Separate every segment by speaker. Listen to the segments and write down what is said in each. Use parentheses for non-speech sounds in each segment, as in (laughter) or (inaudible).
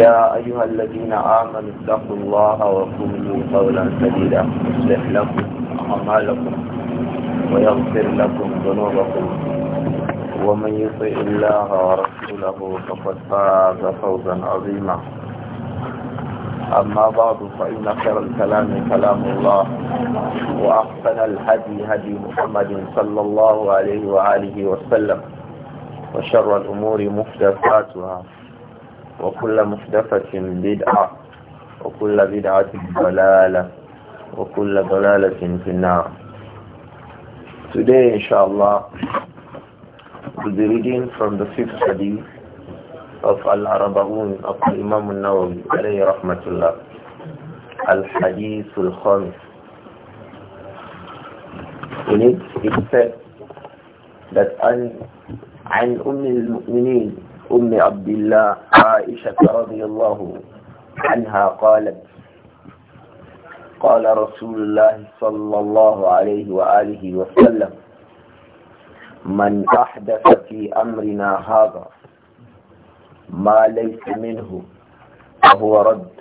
Speaker 1: يا أيها الذين آمنوا اتقوا الله وقولوا قولا سديدا يصلح لكم أعمالكم ويغفر لكم ذنوبكم ومن يطع الله ورسوله فقد فاز فوزا عظيما أما بعد فإن خير الكلام كلام الله وأحسن الهدي هدي محمد صلى الله عليه وآله وسلم وشر الأمور محدثاتها وكل محدثة بدعة وكل بدعة ضلالة وكل ضلالة في النار Today inshallah we'll be reading from the fifth hadith of al arabahun of Imam Al-Nawawi alayhi rahmatullah Al-Hadith Al-Khamis In it it said that عن أم
Speaker 2: المؤمنين أم عبد الله عائشة رضي الله عنها
Speaker 1: قالت قال رسول الله صلى الله عليه وآله وسلم من أحدث في أمرنا هذا ما ليس منه فهو رد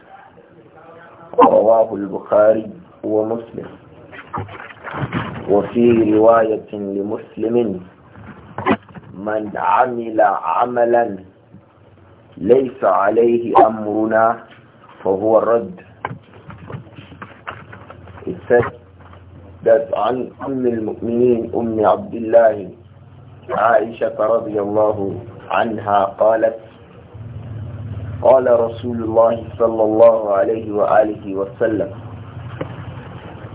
Speaker 1: رواه البخاري ومسلم وفي رواية لمسلم من عمل عملا ليس عليه أمرنا
Speaker 2: فهو الرد It that
Speaker 1: عن أم المؤمنين أم عبد الله عائشة رضي الله عنها قالت قال رسول الله صلى
Speaker 2: الله عليه وآله وسلم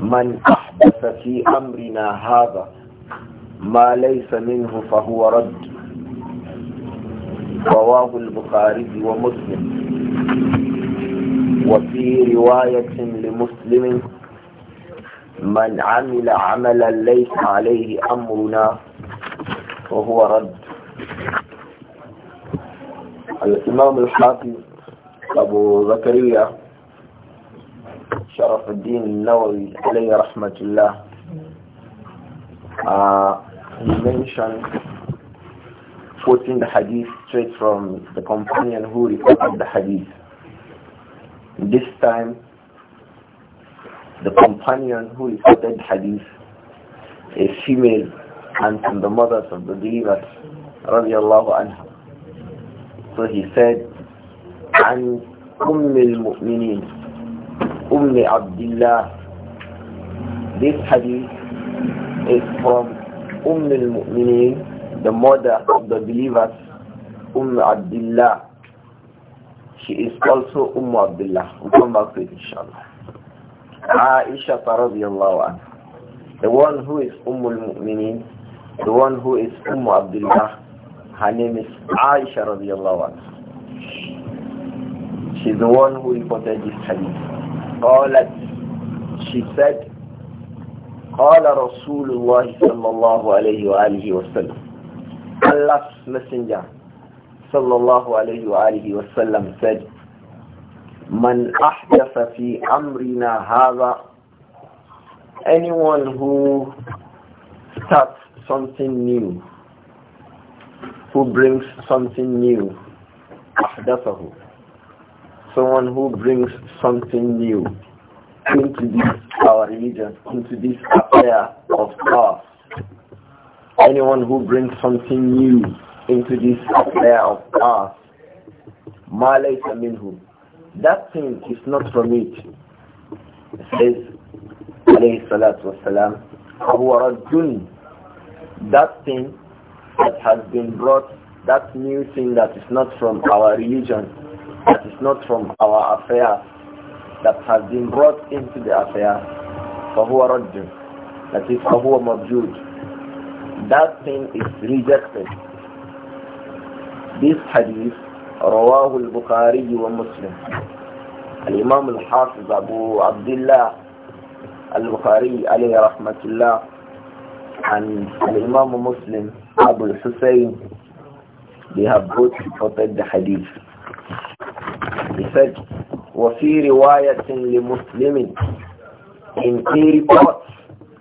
Speaker 2: من أحدث في أمرنا هذا ما ليس منه فهو رد
Speaker 1: رواه البخاري ومسلم وفي رواية لمسلم من عمل
Speaker 2: عملا ليس عليه أمرنا وهو رد
Speaker 1: الإمام الحافظ أبو زكريا شرف الدين النووي عليه رحمة الله آه he mentioned
Speaker 2: quoting the hadith straight from the companion who reported the hadith. This time, the companion who reported hadith, a female and from the mothers of the believers, radiallahu anha. So he said, عن أم المؤمنين أم عبد الله This hadith is from Umm al the mother of the believers, Umm Abdullah. She is also Umm Abdullah. We'll come back to it inshallah. Aisha الله عنها, The one who is Umm al the one who is Umm Abdullah, her name is Aisha الله عنها. She's the one who reported this hadith. All that she said قال رسول الله صلى الله عليه وآله وسلم الله messenger صلى الله عليه وآله وسلم said من أحدث في أمرنا هذا anyone who starts something new who brings something new أحدثه someone who brings something new into this our religion into this affair of us. Anyone who brings something new into this affair of us, malaysa minhu. That thing is not from it. says, alayhi salatu wasalam, That thing that has been brought, that new thing that is not from our religion, that is not from our affair, that has been brought into the affair فهو رد that is فهو مرجود that thing is rejected this hadith رواه البخاري ومسلم الإمام الحافظ أبو عبد الله البخاري عليه رحمة الله عن الإمام مسلم أبو الحسين they have both reported the hadith he said وفي رواية لمسلم in three reports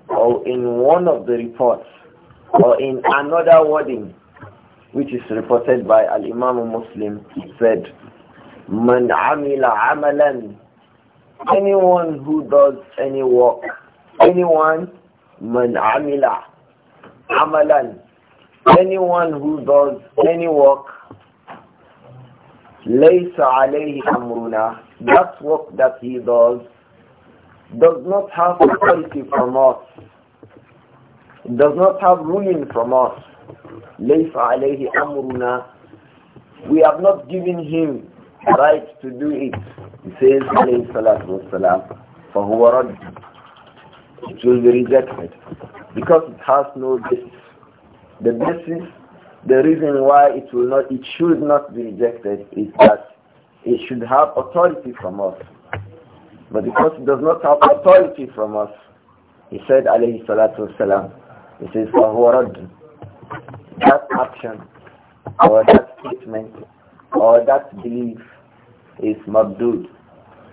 Speaker 2: or in one of the reports or in another wording which is reported by al-Imam Muslim said man amila amalan anyone who does any work anyone man amila amalan anyone who does any work لَيْسَ عَلَيْهِ أَمْرُنَا That work that he does does not have authority from us, does not have ruling from us. لَيْسَ عَلَيْهِ أَمْرُنَا We have not given him right to do it. He says, عليه for who فهو رد. It will be rejected because it has no basis. The basis the reason why it will not, it should not be rejected is that it should have authority from us. But because it does not have authority from us, he said, alayhi salatu wasalam, he says, That action, or that statement, or that belief is mabdud,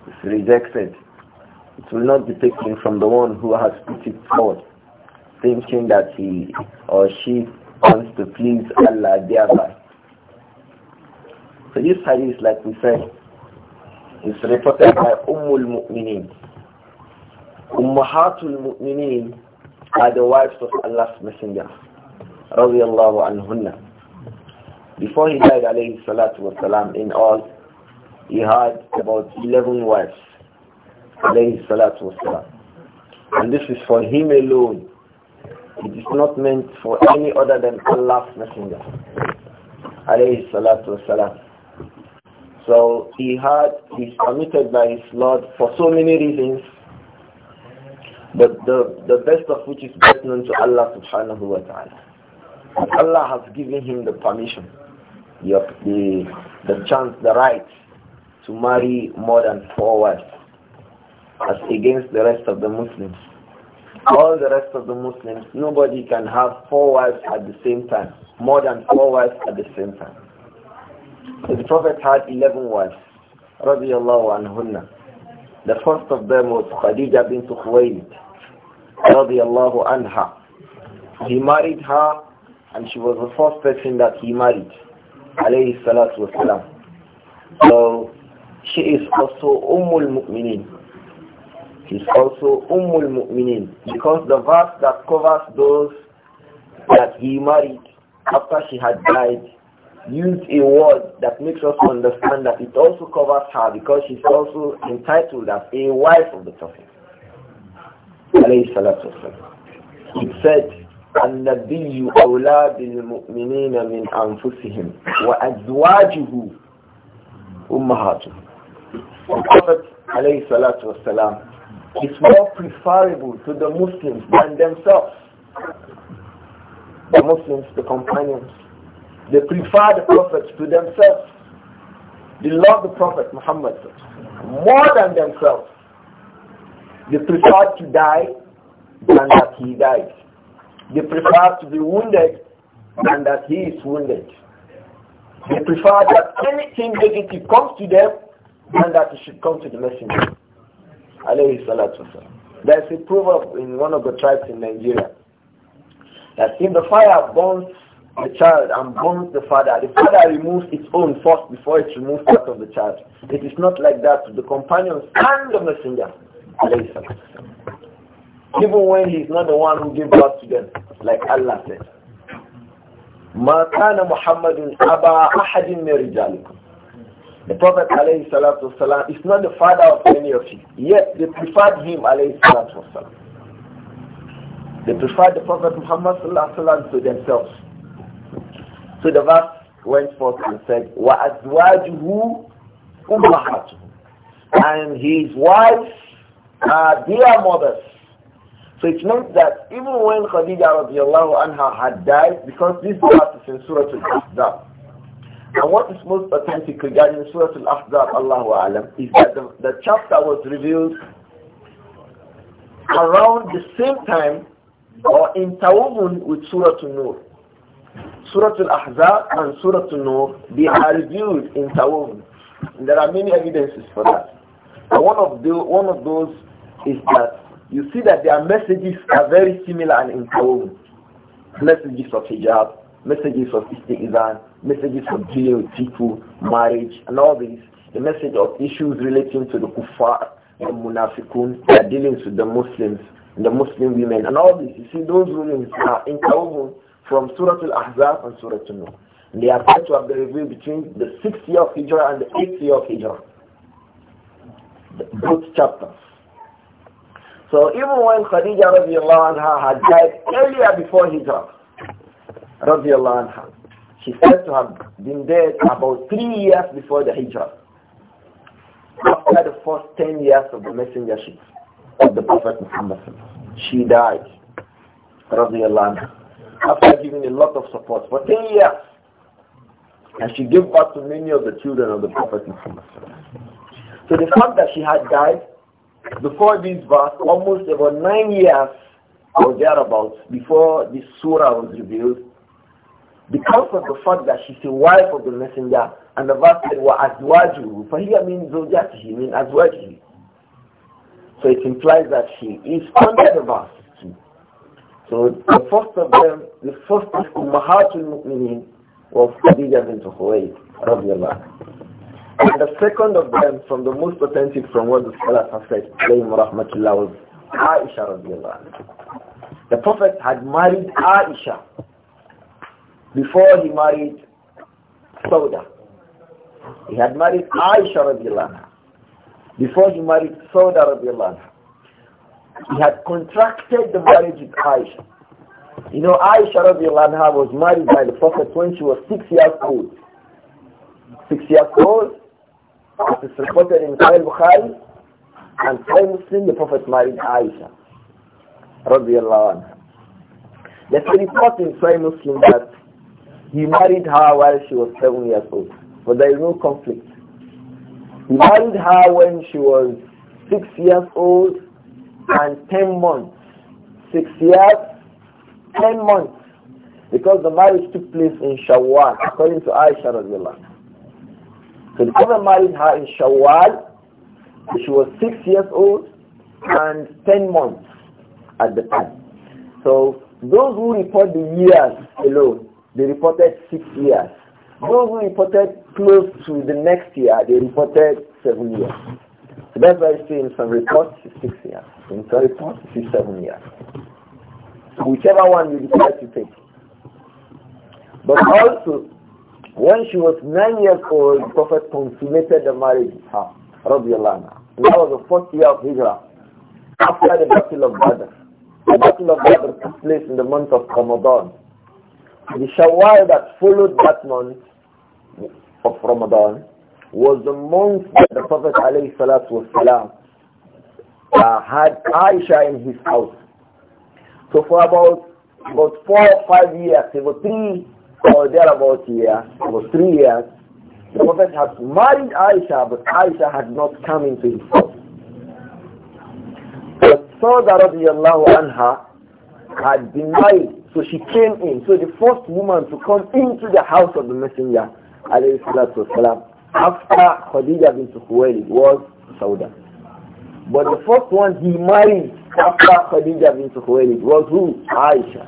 Speaker 2: is rejected. It will not be taken from the one who has put it forth, thinking that he or she Wants to please Allah thereby. So this hadith, like we said, is reported by Ummul Mu'mineen. Ummahatul Mu'mineen are the wives of Allah's Messenger, radiallahu anhunna. Before he died, alayhi salatu wasalam, in all, he had about 11 wives, alayhi salatu wasalam. And this is for him alone. It is not meant for any other than Allah's messenger. Alayhi salatu wasalam. So he had, he's permitted by his Lord for so many reasons, but the, the best of which is best known to Allah subhanahu wa ta'ala. Allah has given him the permission, the, the chance, the right to marry more than four
Speaker 1: wives as against the rest of the Muslims
Speaker 2: all the rest of the Muslims, nobody can have four wives at the same time, more than four wives at the same time. the Prophet had 11 wives, radiallahu anhunna. The first of them was Khadija bint Khuwaylid, radiallahu anha. He married her and she was the first person that he married, alayhi salatu wasalam. So she is also Ummul Mu'mineen. It's also Ummul Mu'minin because the verse that covers those that he married after she had died used a word that makes us understand that it also covers her because she's also entitled as a wife of the Prophet. It said, النبي أولى بالمؤمنين من أنفسهم وأزواجه أمهاتهم. The Prophet عليه الصلاة والسلام it's more preferable to the Muslims than themselves. The Muslims, the companions, they prefer the Prophet to themselves. They love the Prophet Muhammad more than themselves. They prefer to die than that he died. They prefer to be wounded than that he is wounded. They prefer that anything negative comes to them than that it should come to the messenger alayhi salatu There's a proverb in one of the tribes in Nigeria that if the fire burns the child and burns the father, the father removes its own first before it removes part of the child. It is not like that to the companions and the messenger. Even when he is not the one who gave birth to them, like Allah said. ما كان محمد أبا أحد من رجالكم the Prophet والسلام, is not the father of any of you. Yet they preferred him والسلام. They preferred the Prophet Muhammad والسلام, to themselves. So the verse went forth and said, "Wa وَأَزْوَاجُهُ ummahatu," And his wives are dear mothers. So it means that even when Khadija radiallahu anha had died, because this verse is in Surah al and what is most authentic regarding Surah Al-Ahzab, Allahu Alam, is that the, the chapter was revealed around the same time or in interwoven with Surah al nur Surah Al-Ahzab and Surah al nur they are reviewed in And there are many evidences for that. one of, the, one of those is that you see that their messages are very similar and interwoven. Messages of hijab, messages of istizan, messages of jail, people, marriage, and all these. The message of issues relating to the kuffar, the munafiqun, their dealings with the Muslims, and the Muslim women, and all this. You see, those rulings are interwoven from Surah Al-Ahzab and Surah An-Nur. They are said to have been revealed between the sixth year of Hijrah and the eighth year of Hijrah. Both chapters. So even when Khadija radiallahu anha had died earlier before Hijrah, radiallahu anha, she said to have been dead about three years before the hijrah. After the first ten years of the messengership of the Prophet Muhammad, she died. After giving a lot of support for ten years. And she gave birth to many of the children of the Prophet Muhammad. So the fact that she had died before this verse, almost about nine years or thereabouts, before this surah was revealed, because of the fact that she's the wife of the messenger and the verse said wa azwajuhu fahiya min zawjatihi means azwajihi so it implies that she is under the verse so the first of them the first of ummahatul mu'minin was Khadija bint Khuwayd radiyallahu and the second of them from the most authentic from what the scholars have said alayhim rahmatullah was Aisha radiyallahu the prophet had married Aisha before he married Sauda. He had married Aisha radiallahu Before he married Sauda radiallahu he had contracted the marriage with Aisha. You know, Aisha radiallahu was married by the Prophet when she was six years old. Six years old, as is reported in Sahih Bukhari, and Sahih Muslim, the Prophet married Aisha radiallahu let There's a report in Sahih Muslim that he married her while she was seven years old, but there is no conflict. He married her when she was six years old and ten months. Six years, ten months. Because the marriage took place in Shawwal, according to Aisha radiallahu. So the Prophet married her in Shawwal. She was six years old and ten months at the time. So those who report the years alone, they reported six years. Those who reported close to the next year, they reported seven years. So that's why I say in some reports six years, in some reports six, seven years. So whichever one you decide to take. But also, when she was nine years old, the Prophet consummated the marriage with her, Rabialana. That was the first year of Hijrah, after the Battle of Badr. The Battle of Badr took place in the month of Ramadan. The Shawwal that followed that month of Ramadan was the month that the Prophet والسلام, uh, had Aisha in his house. So for about about four or five years, about three or thereabout years, about three years, the Prophet had married Aisha, but Aisha had not come into his house. But Sauda radiallahu anha had denied. So she came in. So the first woman to come into the house of the messenger, alayhi salatu wasalam, after Khadija bin Khuwaylid, was Sauda. But the first one he married after Khadija bin Khuwaylid was who? Aisha.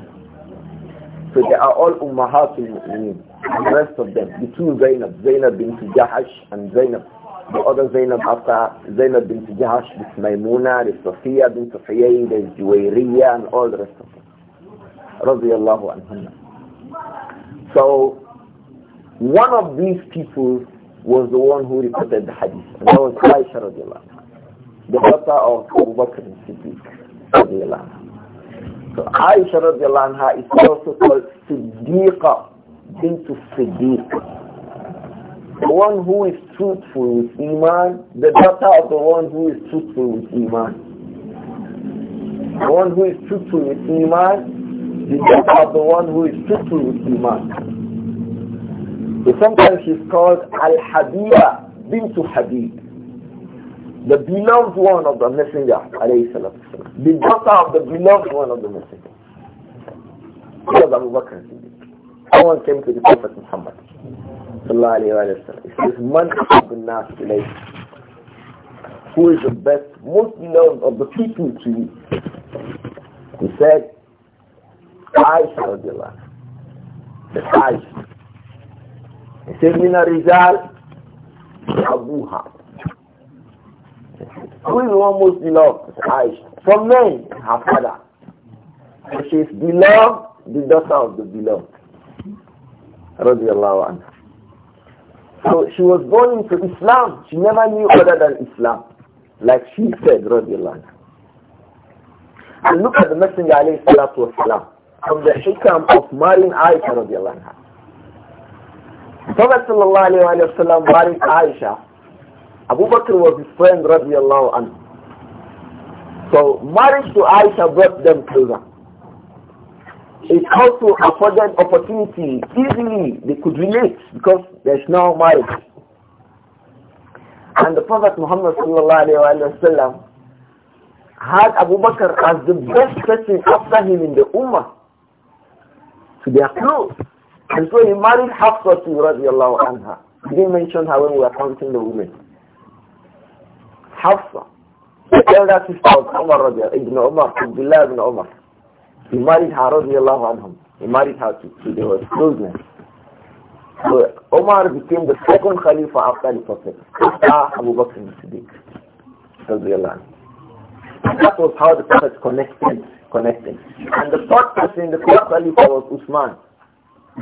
Speaker 2: So they are all Ummahat mumineen The rest of them, the two Zainab, Zainab bin Jahash and Zainab. The other Zainab after Zainab bin Jahash, this Maimuna, this Safiya bin Sofia, there's Juwairiyya and all the rest of them radiallahu anhunna. So one of these people was the one who reported the hadith, and that was Aisha radiallahu the daughter of Abu Bakr Siddiq radiallahu anha. So Aisha radiallahu anha is also called Siddiqa, into Siddiq the one who is truthful with Iman, the daughter of the one who is truthful with Iman. The one who is truthful with Iman you just the one who is truthful with Iman. So sometimes she's called Al-Habiba bintu Habib, the beloved one of the Messenger, the daughter of the beloved one of the Messenger. Because Abu Bakr Someone came to the Prophet Muhammad. Sallallahu Alaihi Wasallam. He This Man the Nas Who is the best, most beloved of the people to you? He said, Aisha radiallahu anha. The Aisha. He said, Mina Rizal, Abuha. Who is one most beloved? Aisha. From men, her father. And she is beloved, the daughter of the beloved. Radiallahu anha. So she was born into Islam. She never knew other than Islam. Like she said, radiallahu anha. And look at the Messenger alayhi salatu wasalam from the hikam of marrying Aisha radiallahu Prophet sallallahu alayhi wa sallam married Aisha. Abu Bakr was his friend radiallahu anhu. So marriage to Aisha brought them closer. It also afforded opportunity easily. They could relate because there's no marriage. And the Prophet Muhammad sallallahu alayhi wa sallam had Abu Bakr as the best person after him in the Ummah to their clothes. And so he married Hafsa to radiallahu anha. He didn't mention her when we were counting the women. Hafsa, the elder sister of Umar ibn Umar, Abdullah ibn Umar. He married her radiallahu anhum. He married her to, to their closeness. So Umar became the second Khalifa after the Prophet, after Abu Bakr as-Siddiq. That was how the Prophet connected connecting. And the third person, the third caliph was Usman.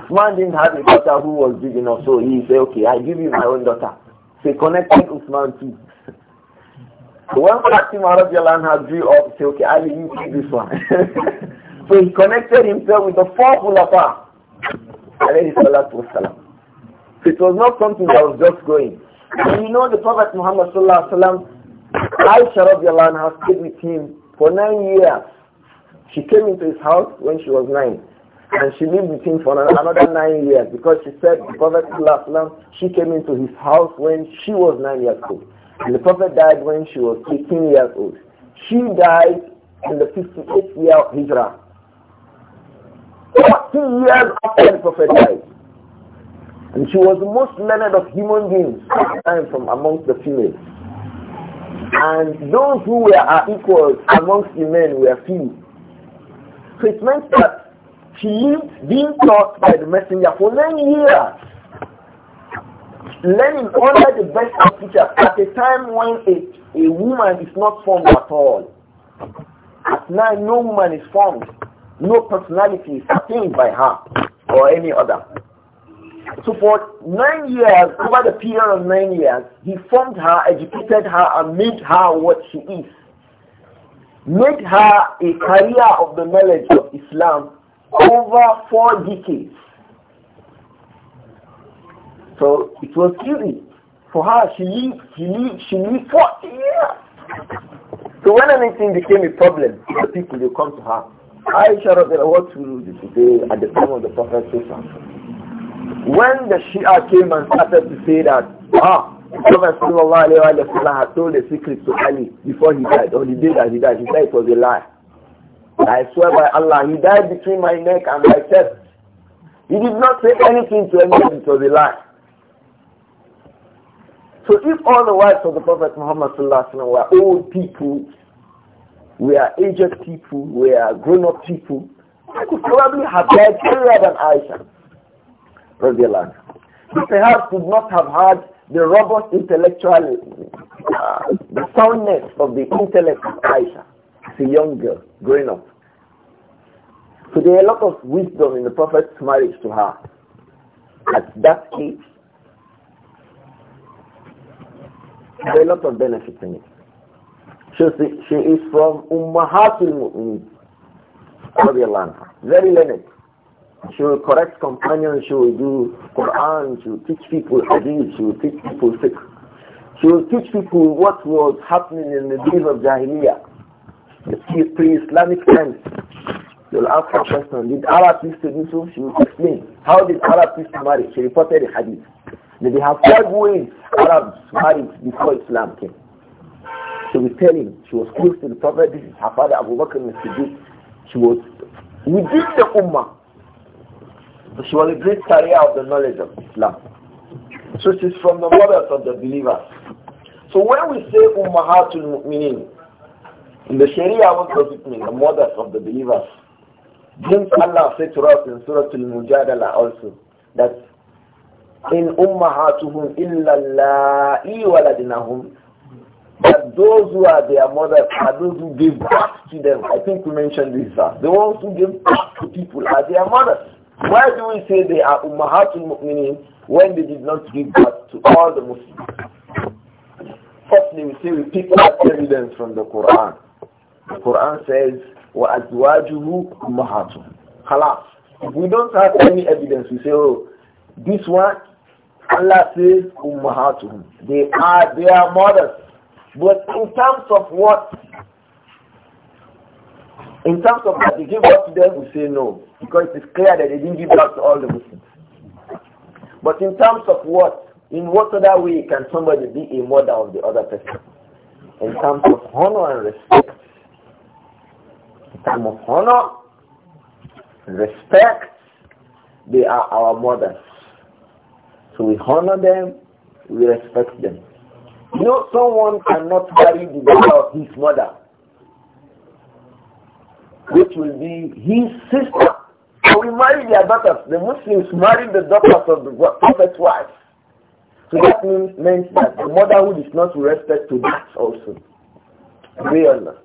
Speaker 2: Usman didn't have a daughter who was big enough, so he said, okay, I give you my own daughter. So he connected Usman too. So when Fatima had drew up, he said, okay, I will you this one. (laughs) so he connected himself with the four Khulafa. So it was not something that was just going. And you know the Prophet Muhammad Sallallahu Alaihi Wasallam, Aisha Radiallahu has stayed with him for nine years. She came into his house when she was nine. And she lived with him for another nine years because she said the Prophet she came into his house when she was nine years old. And the Prophet died when she was 18 years old. She died in the 58th year of Hijrah. 40 years after the Prophet died. And she was the most learned of human beings time from amongst the females. And those who were her equals amongst the men were few treatment that she lived being taught by the messenger for many years. Learning under the best of teachers at a time when a, a woman is not formed at all. At nine, no woman is formed. No personality is attained by her or any other. So for nine years, over the period of nine years, he formed her, educated her, and made her what she is made her a carrier of the knowledge of Islam over four decades. So it was easy for her. She lived, she lived, she lived 40 years. So when anything became a problem, the people will come to her. I Aisha what to do today at the time of the Prophet When the Shia came and started to say that, ah, the Prophet sallallahu had told a secret to Ali before he died, on the day that he died. He said it was a lie. I swear by Allah, he died between my neck and my chest. He did not say anything to anyone, it was a lie. So if all the wives of the Prophet Muhammad sallallahu were old people, we are aged people, we are grown-up people, I could probably have died earlier than Aisha. Perhaps could not have had the robust intellectual, uh, the soundness of the intellect of Aisha as a young girl growing up. So there are a lot of wisdom in the Prophet's marriage to her at that age. There are a lot of benefits in it. She, she is from Ummahatul Mu'min. Very learned. She will correct companions, she will do Quran, she will teach people hadith, she will teach people fiqh. She will teach people what was happening in the days of Jahiliyyah, the pre-Islamic times. She will ask a question, did Arabs used to do so? She will explain. How did Arabs used to marry? She reported the hadith. That they have five ways Arabs married before Islam came. She was telling, she was close to the Prophet, this is her father Abu Bakr al-Siddiq. She was within the Ummah. She was a great carrier of the knowledge of Islam. So she's from the mothers of the believers. So when we say Ummahatul Mu'minin, in the Sharia, what does it mean? The mothers of the believers. Didn't Allah say to us in Surah Al-Mujadala also that in ummahatuhum illa allai waladinahum that those who are their mothers are those who give birth to them. I think we mentioned this. Uh, the ones who give birth to people are their mothers. Why do we say they are Ummahatul Mu'mineen when they did not give birth to all the Muslims? Firstly, we say we pick that evidence from the Quran. The Quran says, وَأَزْوَاجُهُ أُمَّهَاتُهُ Khalas. If we don't have any evidence, we say, oh, this one, Allah says, أُمَّهَاتُهُمْ They are their mothers. But in terms of what? In terms of that, they give birth to them, we say no. Because it's clear that they didn't give birth to all the Muslims. But in terms of what, in what other way can somebody be a mother of the other person? In terms of honor and respect. In terms of honor respect, they are our mothers. So we honor them, we respect them. You know, someone cannot marry the daughter of his mother, which will be his sister we marry their daughters. The Muslims marry the daughters of the prophet's wife. So that means, means that the motherhood is not respected respect to that also. We understand.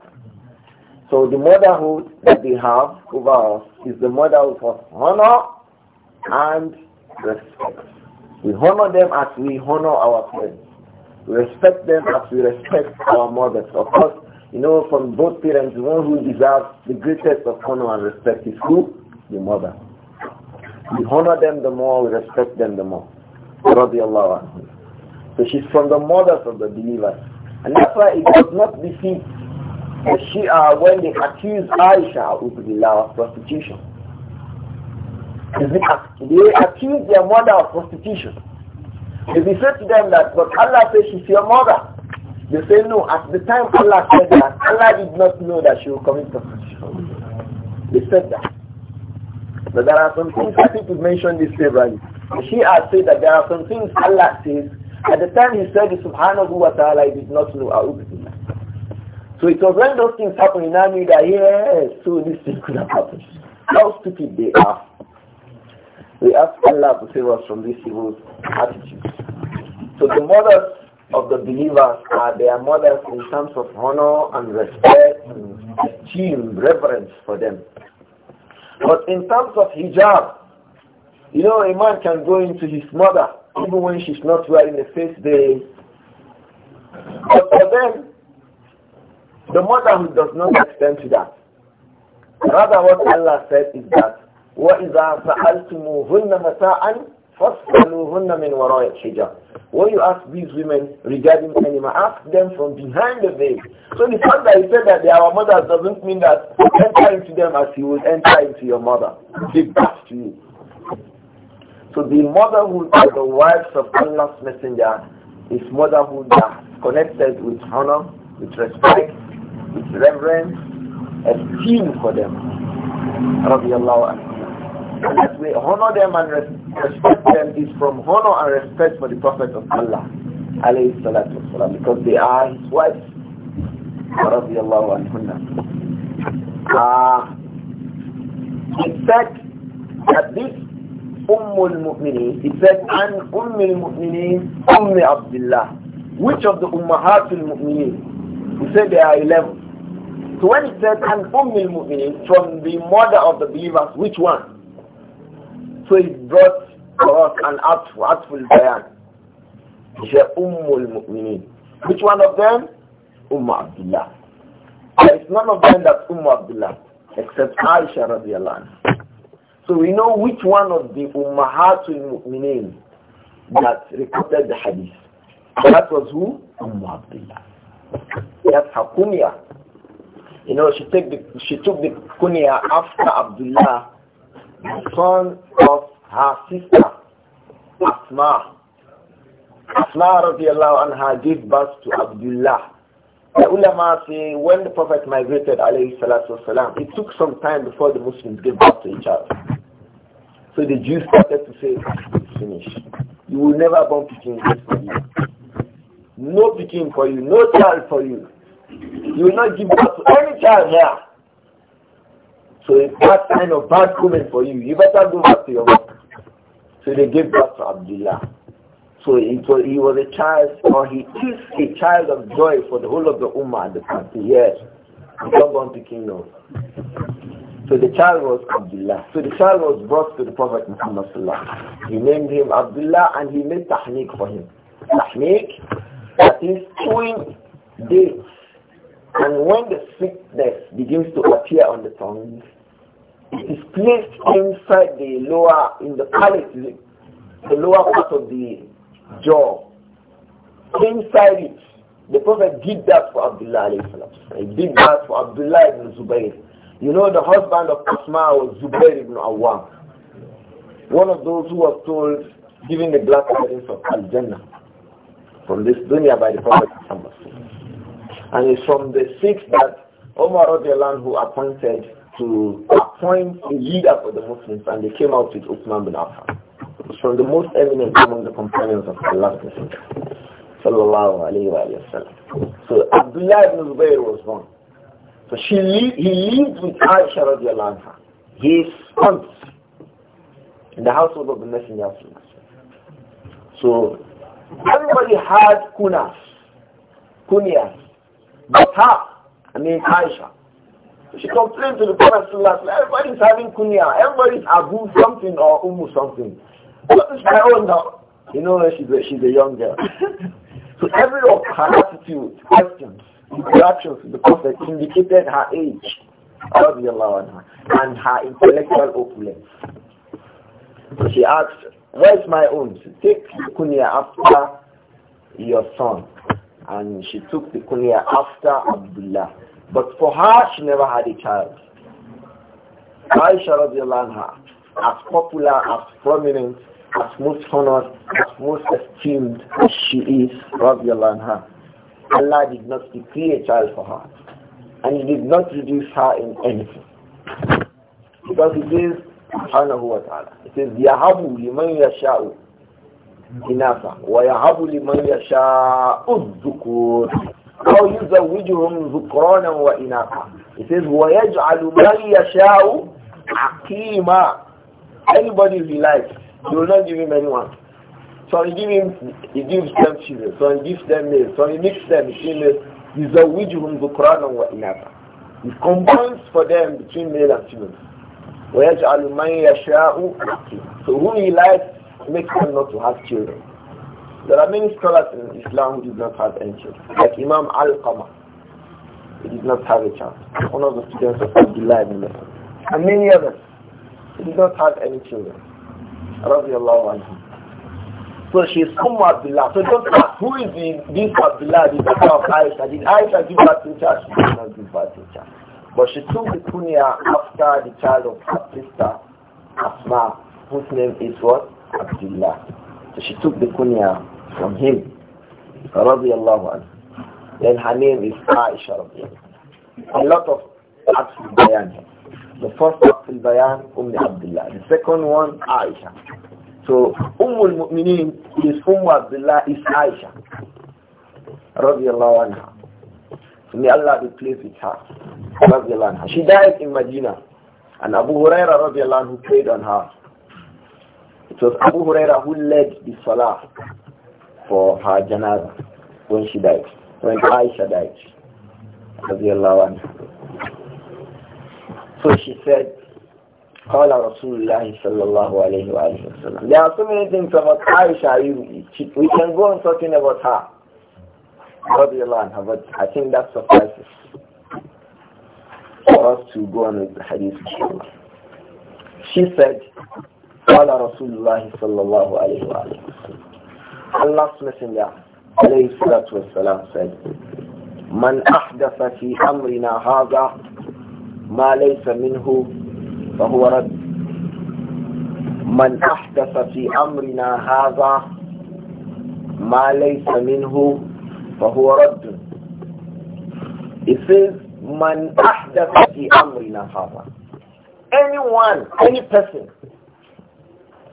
Speaker 2: So the motherhood that they have over us is the motherhood of honor and respect. We honor them as we honor our parents. We respect them as we respect our mothers. Of course, you know, from both parents, the one who deserves the greatest of honor and respect is who? the mother. We honor them the more, we respect them the more. So she's from the mothers of the believers. And that's why it does not defeat the Shia when they accuse Aisha of the prostitution. They accuse their mother of prostitution. If we say to them that, but Allah says she's your mother, they say no. At the time Allah said that, Allah did not know that she will commit prostitution. They said that. But there are some things, I think you have mentioned this several. She has said that there are some things Allah says. At the time he said subhanahu wa ta'ala, he did not know A'udhu So it was when those things happened, in now knew that, yes, so this thing could have happened. How stupid they are. We ask Allah to save us from this evil attitude. So the mothers of the believers are their mothers in terms of honor and respect and esteem, reverence for them. But in terms of hijab, you know, a man can go into his mother even when she's not wearing a face veil. But for them, the motherhood does not extend to that. Rather, what Allah said is that وَإِذَا سَأَلْتُمُوهُنَّ مَتَاعًا First, مِنْ وَرَاءِ When you ask these women regarding anima, ask them from behind the veil. So the fact that he said that they are our mothers doesn't mean that enter into them as you would enter into your mother. Give bath to you. So the motherhood of the wives of Allah's messenger is motherhood that connected with honor, with respect, with reverence, esteem for them. رضي الله that we honor them and respect them is from honor and respect for the Prophet of Allah, alayhi salatu wasalam, because they are his wives, radiallahu anhunna. Uh, ah, it said that this Ummul Mu'mineen, it said, an Ummul Mu'mineen, Ummi Abdullah. Which of the Ummahatul Mu'mineen? He said there are 11. So when he said, an Ummul Mu'mineen, from the mother of the believers, which one? So he brought for us an atful, atful bayan. Ummul Mu'mineen. Which one of them? Umm Abdullah. There is none of them that Umm Abdullah, except Aisha radiallahu anha. So we know which one of the Ummahatul Mu'mineen that recorded the hadith. That was who? Umm Abdullah. That's her kunya. You know, she, take the, she took the kunya after Abdullah the son of her sister, Asma. Asma radiallahu anha gave birth to Abdullah. The ulama say when the Prophet migrated alayhi salatu wasalam, it took some time before the Muslims gave birth to each other. So the Jews started to say, it's finished. You will never born picking for you. No picking for you, no child for you. You will not give birth to any child here. So it's that kind of bad woman for you. You better go back to your mother. So they gave birth to Abdullah. So he was, he was a child, or he is a child of joy for the whole of the Ummah at the country. Yes. He come born to kingdom. So the child was Abdullah. So the child was brought to the Prophet Muhammad Sallallahu He named him Abdullah and he made tahniq for him. Tahniq, that is chewing dates. And when the sickness begins to appear on the tongue, it is placed inside the lower, in the palate, the lower part of the jaw. Inside it, the Prophet did that for Abdullah He did that for Abdullah ibn Zubayr. You know the husband of Asma was Zubayr ibn Awam. One of those who was told, giving the black evidence of Al-Jannah from this dunya by the Prophet Muhammad. And it's from the six that Omar who appointed to appoint a leader for the Muslims and they came out with Uthman bin Affan. He's from the most eminent among the companions of Allah Sallallahu alayhi So Abdullah ibn Zubayr was born. So she he lived with Aisha radiallahu anha, his aunt, in the household of the Messenger of Allah. So everybody had kunas, kunyas, but her, I mean Aisha, she complained to the Prophet Everybody is having kunya. Everybody is Abu something or Umu something. What is my own now? You know she's a, she's a young girl. (laughs) so every of her attitude, questions, interactions with the Prophet indicated her age and her intellectual opulence. So she asked, where's my own? She take the kunya after your son. And she took the kunya after Abdullah. But for her, she never had a child. Aisha radiallahu anha, as popular, as prominent, as most honored, as most esteemed as she is, radiallahu anha, Allah did not decree a child for her. And he did not reduce her in anything. Because it is subhanahu wa ta'ala. It is yahabu liman yasha'u inasa wa yahabu liman yasha'u dhukur. أو يزوجهم ذكرانا وإناثا It says ويجعل من يشاء عقيما Anybody he likes, he will not give him anyone. So he gives him, he gives them children. So he gives them males. So he makes them females. يزوجهم ذكرانا وإناثا
Speaker 3: He combines
Speaker 2: for them between male and female. ويجعل من يشاء عقيما So who he likes makes them not to have children. There are many scholars in Islam who did not have any children. Like Imam Al-Qama. He did not have a child. One of the students of Abdullah ibn Masud. And many others. He did not have any children. Radiallahu so she is Umm Abdullah. So don't ask who is the, this Abdullah, The daughter of Aisha. Did Aisha give birth to a child? She did not give birth to a child. But she took the kunya after the child of her sister, Asma, whose name is what? Abdullah. So she took the kunya from him radiallahu anhu then her name is Aisha radiallahu a lot of Abdul Bayan the first Abdul Bayan Umm Abdullah the second one Aisha so Umm al-Mu'mineen is Umm Abdullah is Aisha radiallahu anha so may Allah be pleased with her radiallahu anha she died in Medina and Abu Huraira radiallahu anhu prayed on her it was Abu Huraira who led the Salah for her janab when she died, when Aisha died. So she said, قال رسول الله صلى الله عليه وآله وسلم There are so many things about Aisha, we can go on talking about her. رضي الله عنها, but I think that suffices for us to go on with the hadith She said, قال رسول الله صلى الله عليه وآله الله مثل عليه الصلاة والسلام سيد من أحدث في أمرنا هذا ما ليس منه فهو رد من أحدث في أمرنا هذا ما ليس منه فهو رد إذ من أحدث في أمرنا هذا anyone any person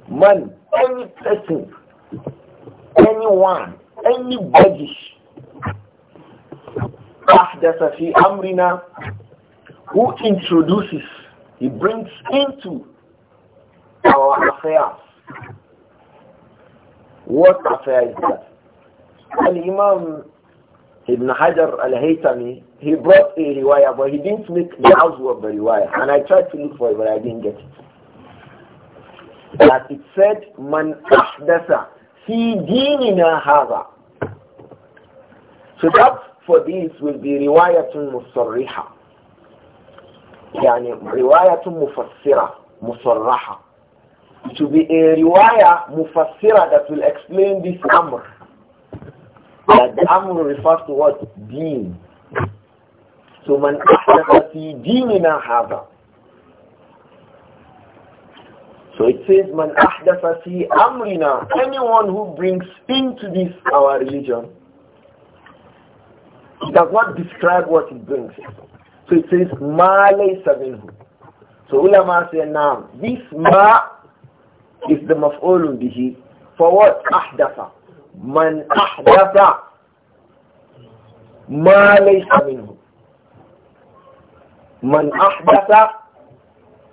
Speaker 2: من any person anyone, anybody, أحدث في who introduces, he brings into our affairs. What affair is that? Al-Imam Ibn Hajar al-Haytami, he brought a riwayah, but he didn't make the house of the riwayah. And I tried to look for it, but I didn't get it. That it said, Man ahdasa fi dinina hadha. So that for this will be riwayatun musarriha. يعني رواية Mufassira Musarraha, It will be a riwayah mufassira that will explain this amr. That the amr refers to what? Deen. So man أحدث في ديننا هذا so it says, Man amrina, anyone who brings into this our religion, it does not describe what he brings. So it says, Ma sabinhu. So ulama say, now, this ma is the maf'ulun bihi. For what? Ahdatha. Man ahdatha. Ma laysa minhu. Man ahdatha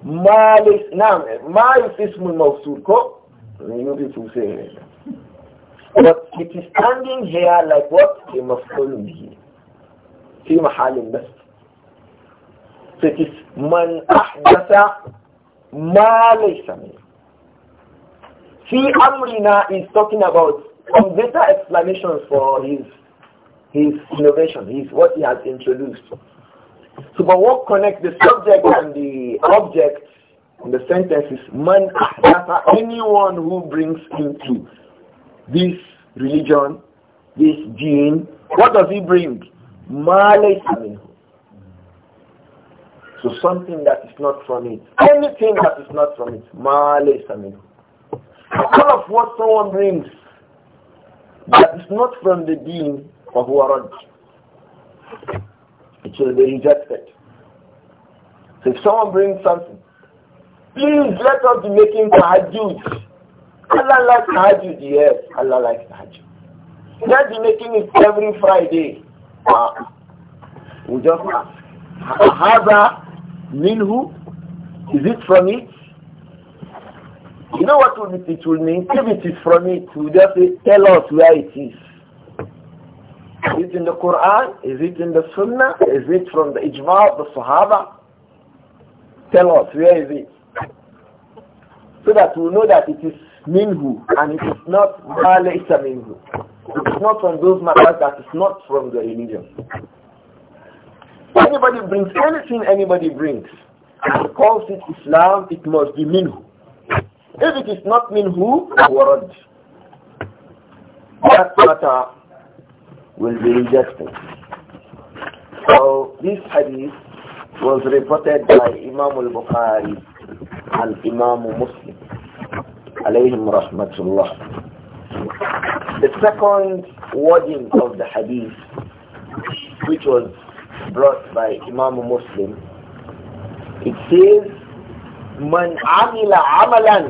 Speaker 2: Malik, now, Malik is Mawsul, ko? You to say But it is standing here like what? A Mawsul bihi. Fi mahalin best. So it is man ahdasa ma laysa min. Fi amrina is talking about some better explanations for his his innovation, his what he has introduced. So, but what connects the subject and the object in the sentence is man ahdatha, anyone who brings into this religion, this gene, what does he bring? Malaysa So something that is not from it. Anything that is not from it. Malaysa minhu. All of what someone brings that is not from the being of Warad. It will be rejected. So if someone brings something, please let us be making tahajjud. Allah likes tahajjud, yes, Allah likes tahajjud. Let's be making it every Friday. Uh, we just ask, Hada minhu, is it from it? You know what it will mean? If it is from it, we just say, tell us where it is it in the Quran? Is it in the Sunnah? Is it from the Ijma of the Sahaba? Tell us, where is it? So that we know that it is minhu and it is not malaysa minhu. It is not from those matters that is not from the religion. Anybody brings anything anybody brings and calls it Islam, it must be minhu. If it is not minhu, warad. That matter will be rejected. So this hadith was reported by Imam al-Bukhari and Imam Muslim alayhim rahmatullah. The second wording of the hadith which was brought by Imam Muslim it says man amila amalan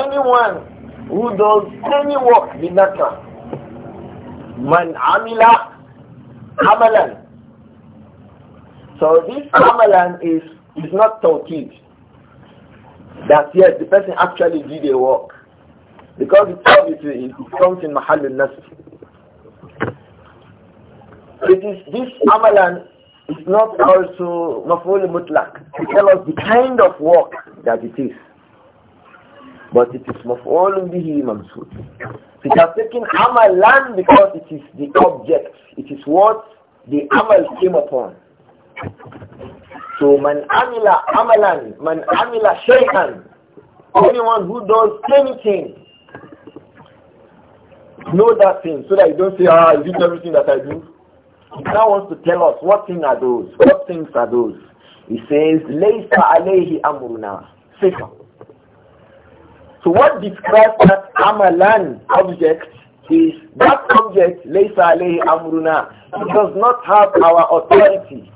Speaker 2: anyone who does any work bi makkah Man amila amalan. So this amalan is, is not tawqid. That yes, the person actually did a work. Because obviously it comes in mahal al-nasr. It is this amalan is not also maful mutlaq to tell us the kind of work that it is. But it is maful bihi so it has taken land because it is the object. It is what the amal came upon. So man amila amalan, man amila shaykhan, Anyone who does anything, know that thing so that you don't say, ah, I did everything that I do. He now wants to tell us what things are those? What things are those? He says, Laysa alayhi amruna. Sifah. So what describes that amalan object is that object, laysa alayhi amruna, it does not have our authority.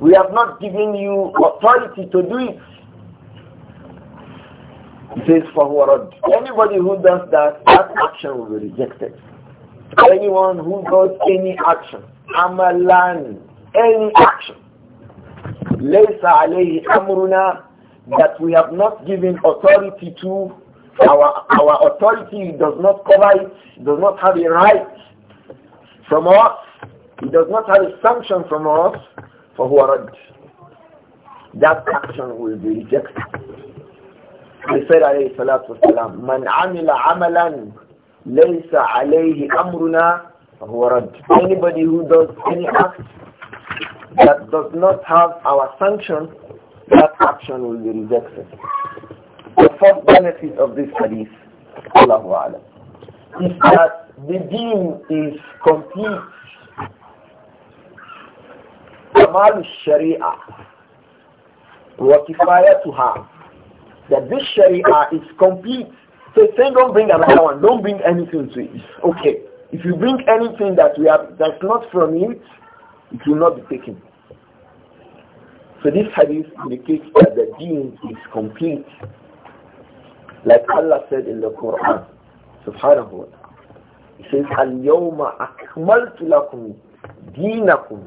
Speaker 2: We have not given you authority to do it. It says forward. Anybody who does that, that action will be rejected. Anyone who does any action, amalan, any action, laysa alayhi amruna, that we have not given authority to, our, our authority does not cover it, does not have a right from us, it does not have a sanction from us for who Huarad. That action will be rejected. He said alayhi salatu wasalam, Man amila amalan laysa alayhi amruna Huarad. Anybody who does any act that does not have our sanction that action will be rejected. The first benefit of this hadith, Allahu Alam, is that the deen is complete. Kamal Sharia, to her that this Sharia is complete. So don't bring another one, don't bring anything to it. Okay, if you bring anything that we have that's not from it, it will not be taken. So this hadith indicates that the deen is complete. Like Allah said in the Quran, subhanahu wa ta'ala. He says, Al-yawma akmaltu lakum deenakum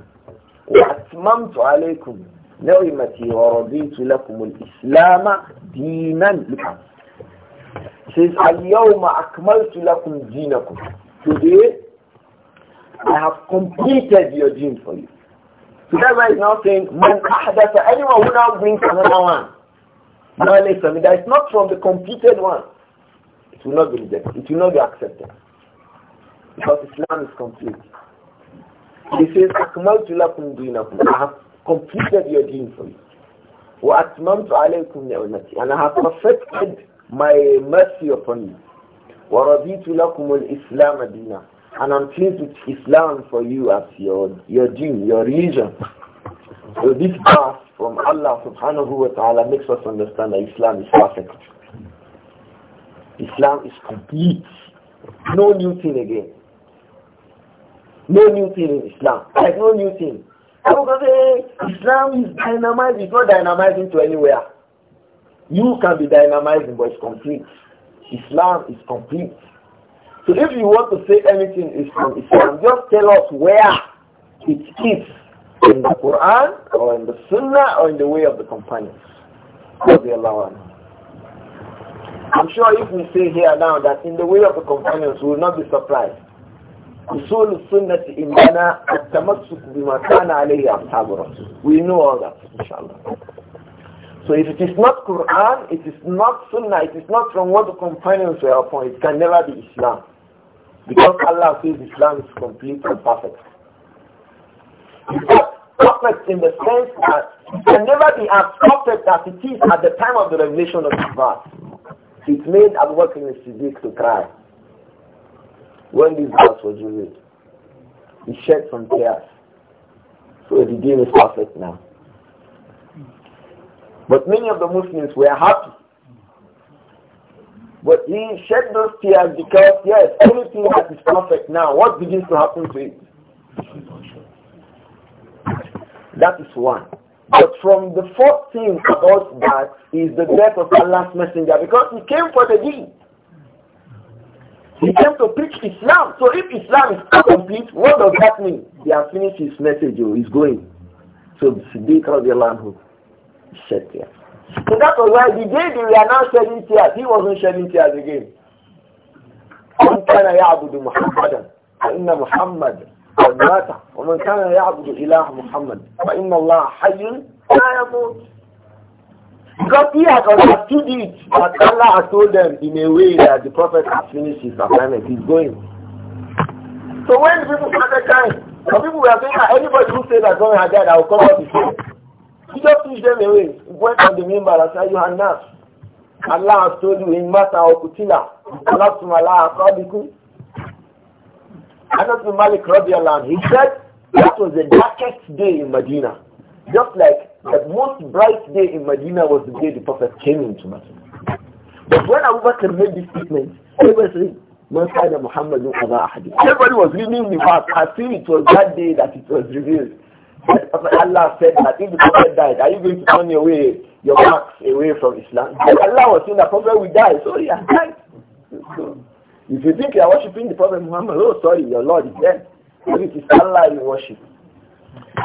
Speaker 2: wa atmamtu alaykum ni'mati wa al-islam deenan. Look He says, Al-yawma akmaltu lakum deenakum. Today, I have completed your deen for you. So that's why he's now saying, man for anyone who now brings another one. That is not from the completed one. It will not be rejected. It will not be accepted. Because Islam is complete. He says, أَكْمَلْتُ لَكُمْ دِينَكُمْ I have completed your deen for you. وَأَتْمَمْتُ عَلَيْكُمْ نِعْمَتِي And I have perfected my mercy upon you. وَرَضِيتُ لَكُمُ الْإِسْلَامَ دِينَكُمْ and I'm pleased with Islam for you as your, your deen, your religion. So this verse from Allah subhanahu wa ta'ala makes us understand that Islam is perfect. Islam is complete. No new thing again. No new thing in Islam. Like no new thing. going to say Islam is dynamized. It's not dynamizing to anywhere. You can be dynamizing, but it's complete. Islam is complete. So if you want to say anything is from Islam, just tell us where it is in the Quran or in the Sunnah or in the way of the companions. I'm sure if we say here now that in the way of the companions, we will not be surprised. أصول السنة إيمانا التمسك بما كان عليه أصحاب الرسول. We know all that, inshallah. So if it is not Quran, it is not Sunnah, it is not from what the companions were upon, it can never be Islam. Because Allah says Islam is complete and perfect. perfect in the sense that it can never be as perfect as it is at the time of the revelation of this verse. It made Abu Bakr al-Siddiq to cry when this verse was revealed. He shed some tears. So the deal is perfect now. But many of the Muslims were happy but he shed those tears because, yes, everything that is perfect now, what begins to happen to it? That is one. But from the fourth thing about that is the death of Allah's messenger because he came for the deen. He came to preach Islam. So if Islam is complete, what does that mean? He has finished his message, oh, he's going. So Siddiq radiallahu anhu shed tears. So that was why the day they were now shedding tears, he wasn't shedding tears again. من كان يعبد محمدا فإن محمد قد مات ومن كان يعبد إله محمد فإن الله حي لا يموت Because he had understood it, but Allah has told them in a way that the Prophet has finished his assignment, he's going. So when people started crying, some people were saying that anybody who says that someone had died, I will come out He just pushed them away. He went on the member and said, You are not. Allah has told you in Mata or Kutila. Allah from Allah Akabiku. Anas bin Malik he said that was the darkest day in Medina. Just like the most bright day in Medina was the day the Prophet came into Medina. But when Abu Bakr made this statement, everybody was reading the verse. I think it was that day that it was revealed. Allah said that if the Prophet died, are you going to turn your way, your marks away from Islam? Because Allah was saying that Prophet will die, so he has died. So, if you think you are worshipping the Prophet Muhammad, oh sorry, your Lord is dead. But it is Allah you worship.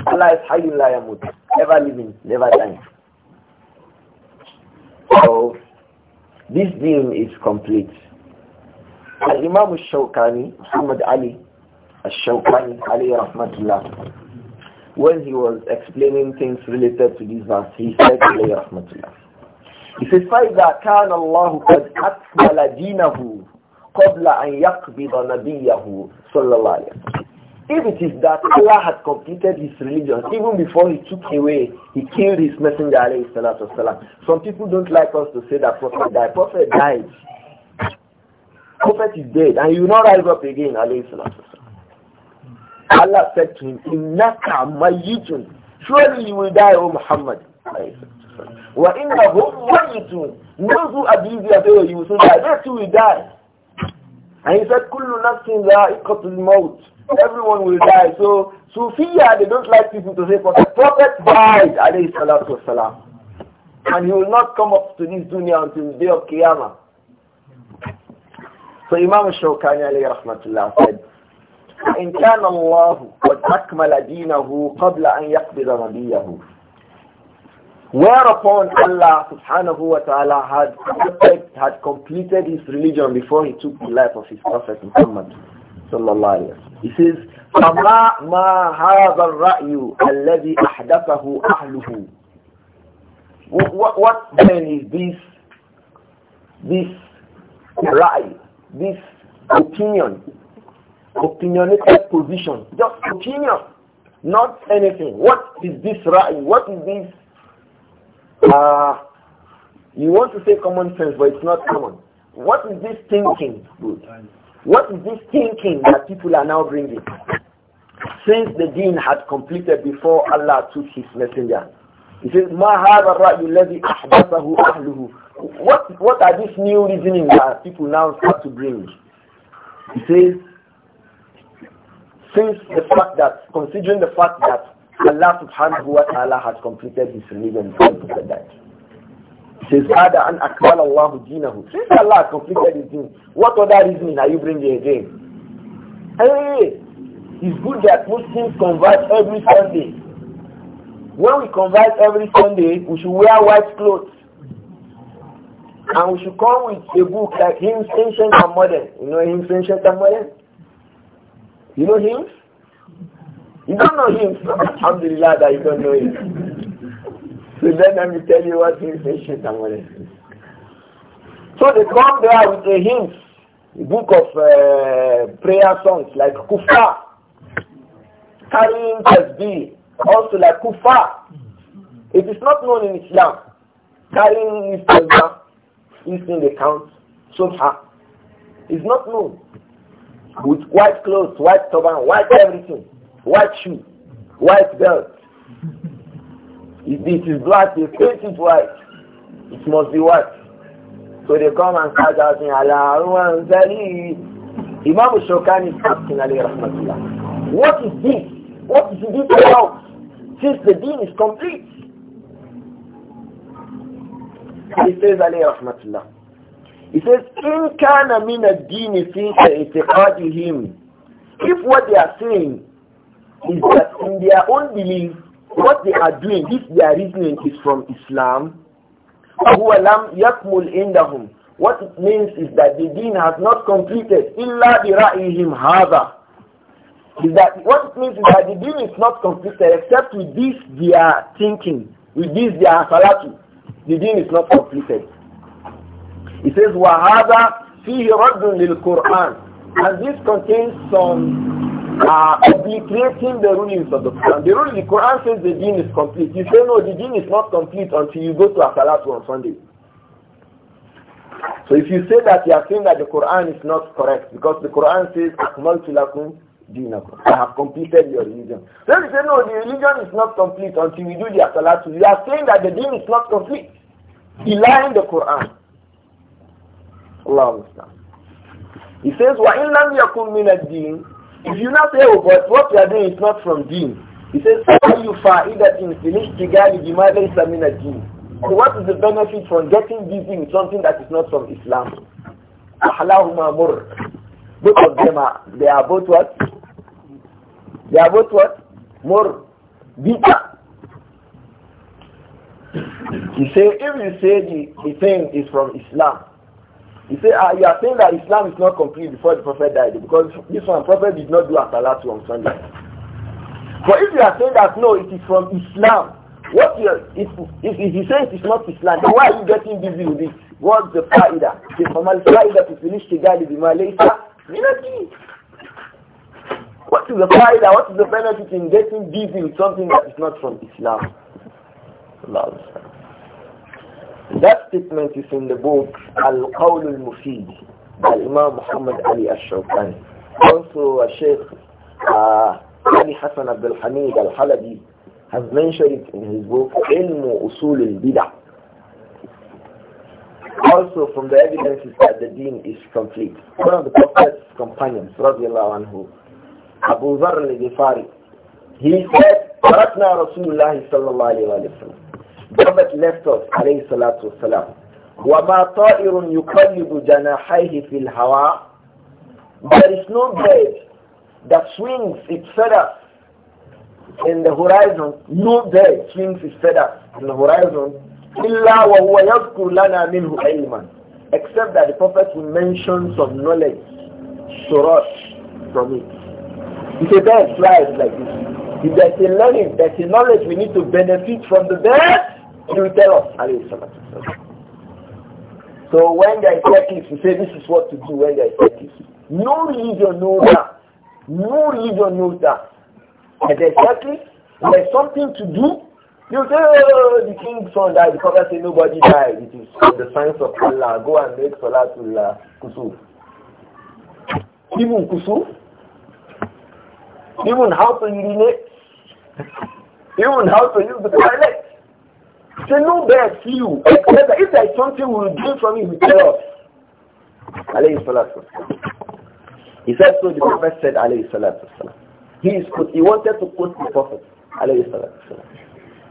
Speaker 2: Allah is Hayyul Layamut, ever living, never dying. So, this deen is complete. Al-Imam al-Shawkani, Muhammad Ali, al-Shawkani, Ali Rahmatullah, when he was explaining things related to this verse, he said, He says, فَإِذَا كَانَ اللَّهُ قَدْ أَكْمَلَ دِينَهُ قَبْلَ أَنْ يَقْبِضَ نَبِيَّهُ صلى الله If it is that Allah had completed his religion, even before he took away, he killed his messenger, alayhi salatu wasalam. Some people don't like us to say that Prophet died. Prophet died. Prophet is dead, and he will not rise up again, alayhi salatu wasalam. Allah said to him, Innaka mayyitun. Surely you will die, O Muhammad. Wa innahum mayyitun. Those who abuse you say you will soon die. They too will die. And he said, Kullu nafsin za'iqatul maut. Everyone will die. So, Sufiya, they don't like people to say, but the Prophet died, alayhi salatu wasalam. And he will not come up to this dunya until the day of Qiyamah. So Imam Shawkani alayhi rahmatullah said, Whereupon Allah subhanahu wa ta'ala had, had completed his religion before he took the life of his Prophet Muhammad sallallahu alayhi wa He says, مَا هَذَا الرَّأْيُ الَّذِي أَحْدَثَهُ أَهْلُهُ What, what, what then is this, this right, this opinion opinionated position, just opinion, not anything. What is this right? What is this? Uh, you want to say common sense, but it's not common. What is this thinking? Good. What is this thinking that people are now bringing? Since the deen had completed before Allah took his messenger. He says, مَا الَّذِي أَحْدَثَهُ أَهْلُهُ what, what are these new reasoning that people now start to bring? He says, since the fact that, considering the fact that Allah subhanahu wa ta'ala has completed his religion and said that. He Allah an Allahu dinahu. Since Allah has completed his deen, what other reason are you bringing again? Hey, it's good that Muslims convert every Sunday. When we convert every Sunday, we should wear white clothes. And we should come with a book like hymns ancient and modern. You know hymns ancient and modern? You know him? You don't know him. Alhamdulillah that you don't know him. So then let me tell you what he ancient So they come there with a hymns, a book of uh, prayer songs like Kufa, carrying Tasbih, also like Kufa. It is not known in Islam. Carrying is in the count, Subha. It's not known with white clothes, white turban, white everything, white shoe, white belt. If this is black, they paint it white. It must be white. So they come and start shouting, Allah, Imam Shokani is asking Ali Rahmatullah, what is this? What
Speaker 3: is this about?
Speaker 2: Since the deen is complete. He says Ali Rahmatullah, he says, إِن كَانَ مِنَ الدِّينِ فِي him." If what they are saying is that in their own belief, what they are doing, if their reasoning is from Islam, هُوَ لَمْ What it means is that the deen has not completed إِلَّا بِرَأِيهِمْ هَذَا is that what it means is that the deen is not completed except with this their thinking, with this their salatu. The deen is not completed. It says, وَهَذَا فِيهِ the Quran, And this contains some uh, obliterating the rulings of the Quran. The the Quran says the deen is complete. You say, no, the deen is not complete until you go to Asalatu on Sunday. So if you say that, you are saying that the Quran is not correct because the Quran says, أَكْمَلْتُ لَكُمْ I have completed your religion. Then you say, no, the religion is not complete until we do the Asalatu. You are saying that the deen is not complete. He lying the Quran. Allah He says, وَإِنْ لَمْ يَكُنْ مِنَ الدِّينَ If you not say, oh, but what you are doing is not from deen. He says, فَأَيُّ فَائِدَةٍ فِلِشْتِغَالِ بِمَا لَيْسَ مِنَ الدِّينِ So what is the benefit from getting busy with something that is not from Islam? أَحْلَاهُمَا مُرْ Both of them are, they are both what? They are both what? More bitter. He say, if you say the, the thing is from Islam, you say, ah, you are saying that Islam is not complete before the Prophet died because this one, Prophet did not do Asalatu on Sunday. But if you are saying that, no, it is from Islam, what you if, if, if you it is not Islam, then why are you getting busy with this? What's the fa'ida? The formal fa'ida to finish Tigali bima laysa
Speaker 3: minati.
Speaker 2: What is the fa'ida? What is the benefit in getting busy with something that is not from Islam? Allah that statement is in the book Al-Qawl al-Mufid by Imam Muhammad Ali al-Shawqani. Also, Sheikh uh, Ali Hassan Abdul Hamid al-Halabi has mentioned it in his book Ilmu Usul al-Bid'ah. Also, from the evidence is that the deen is complete. One of the Prophet's companions, radiallahu anhu, Abu Dharr al-Ghifari, he said, رسول الله صلى الله عليه وسلم left us, alayhi salatu wasalam. وَمَا طَائِرٌ يُقَلِّبُ جَنَاحَيْهِ فِي الْهَوَىٰ There is no bird that swings its feathers in the horizon. No bird swings its feathers in the horizon. إِلَّا وَهُوَ يَذْكُرُ لَنَا مِنْهُ عِلْمًا Except that the Prophet will mention some knowledge, surah, from it. If a bird flies like this, if there's a learning, there's a knowledge we need to benefit from the bird, he will tell us, So when there is eclipse, we say this is what to do when there is eclipse. No religion knows that. No religion knows that. And there's eclipse, there's something to do. You say, oh, the king's son died, the prophet say nobody died. It is the signs of Allah. Go and make Salah uh, Allah kusuf. Even kusuf, even how to urinate, (laughs) even how to use the toilet. Say, no bear see you. If there is something we will gain from you, we tell us. Alayhi salatu He said so, the Prophet said, alayhi salatu He, is, he wanted to quote the Prophet, alayhi salatu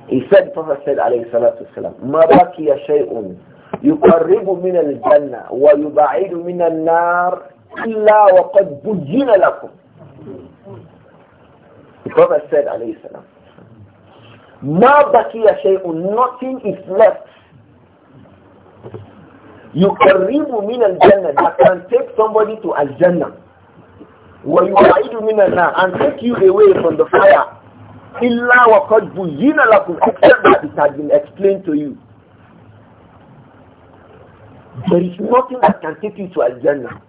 Speaker 2: He said, the Prophet said, alayhi salatu wasalam, مَا بَكِيَ شَيْءٌ يقرب من الجنة ويبعد من النار إلا وقد بجن لكم The Prophet said, alayhi salam, Ma bakiya shay'un, nothing is left. You can remove min al-jannah, that can take somebody to al-jannah. Wa yu'idu min al and take you away from the fire. Illa wa qad buyyina lakum, except that it has been explained to you. There is nothing that can take you to al-jannah.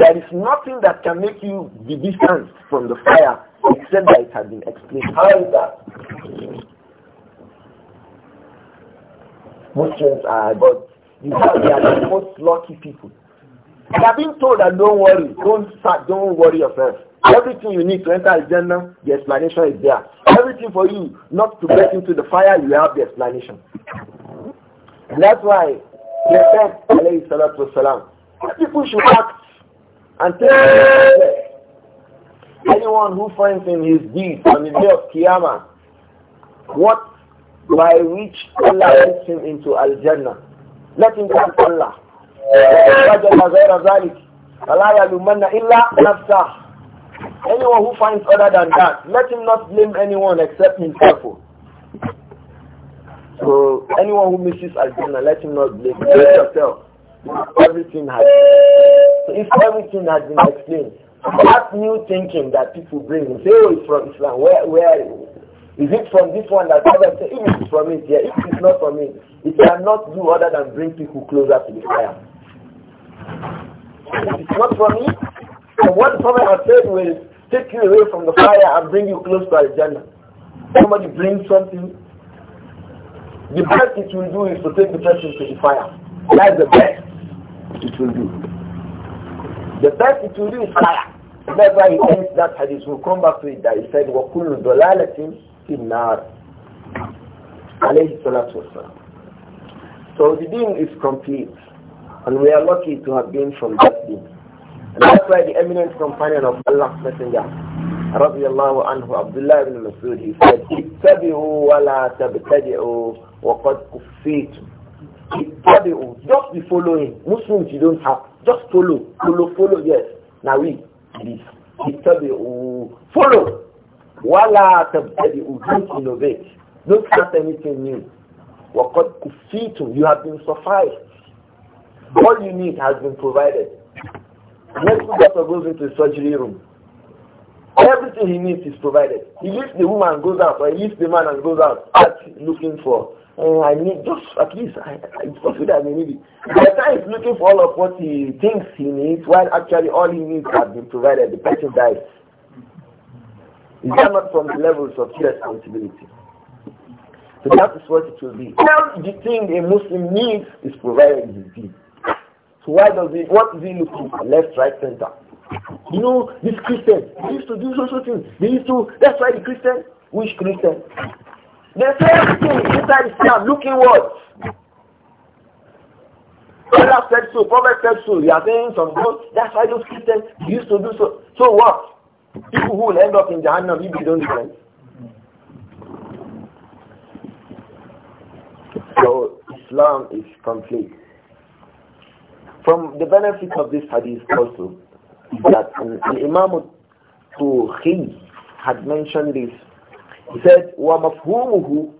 Speaker 2: There is nothing that can make you be distant from the fire except that it had been explained. How is that? Muslims are God. They are the most lucky people. They have been told that don't worry, don't start, don't worry yourself. Everything you need to enter Jannah, the explanation is there. Everything for you not to get into the fire, you have the explanation. And that's why he said, alayhi salatu wasalam, people should act and Anyone who finds in his deeds on the day of Qiyamah what by which Allah leads him into Al-Jannah, let him thank Allah. Anyone who finds other than that, let him not blame anyone except himself. So anyone who misses Al-Jannah, let him not blame himself. Everything has, so if everything has been explained, that new thinking that people bring, say, oh, it's from Islam. Where, where is it from this one that others say, if it's from it, yeah, if it's not from it, it cannot do other than bring people closer to the fire. If it's not from me. and what someone has said will take you away from the fire and bring you close to Al-Jannah. Somebody brings something, the best it will do is to take the person to the fire. That's the best it will do. The best it will do is fire. That's he ends that hadith. We'll come back to it that he said, وَكُلُّ ضَلَالَةٍ فِي النَّارِ alayhi salatu wasalam. So the deen is complete and we are lucky to have been from that deen. And that's why the eminent companion of Allah's Messenger, رضي الله عنه عبد الله بن مسعود, he said, اتبعوا ولا تبتدعوا وقد كفيتم. اتبعوا, just be following. Muslims you don't have just follow, follow, follow, yes. Now we, please, oh, follow. Wala tabtadi'u, oh, don't innovate. Don't start anything new. وَقَدْ كُفِّيتُمْ You have been sufficed. All you need has been provided. Next doctor goes into the surgery room. Everything he needs is provided. He leaves the woman and goes out, or he leaves the man and goes out, out looking for uh, I need just at least I, I that I need it. The guy is looking for all of what he thinks he needs, while actually all he needs has been provided. The person dies. Is that not from the levels of responsibility? So that is what it will be. the thing a Muslim needs is provided in his deed. So why does he, what is he looking for? Left, right, center. You know, this Christian, they used to do social things. They used to, that's why the Christian, which Christian? The same thing inside Islam, Looking what Allah said so, Prophet said so, you are saying some good. That's why those Christians used to do so. So what? People who will end up in Jahannam if you don't repent. So Islam is complete. From the benefit of this hadith also, that Imam Tuhi had mentioned this He said, وَمَفْهُومُهُ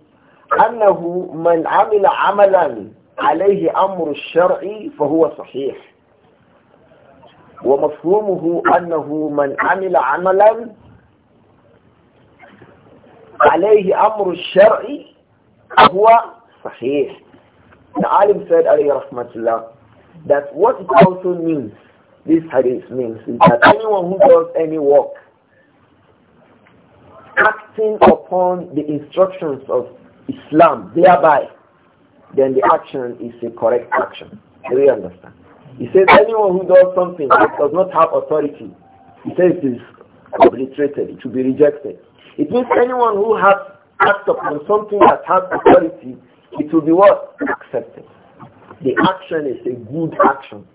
Speaker 2: أَنَّهُ مَنْ عَمِلَ عَمَلًا عليه أمر الشرع فهو صحيح ومفهومه أنه من عمل عملا عليه أمر الشرع فهو صحيح The alim said عليه رحمة الله that what it also means this hadith means is that anyone who does any work acting upon the instructions of Islam thereby, then the action is a correct action. Do you understand? He says anyone who does something that does not have authority, he says it is obliterated, it should be rejected. It means anyone who has acted upon something that has authority, it will be what? Accepted. The action is a good action.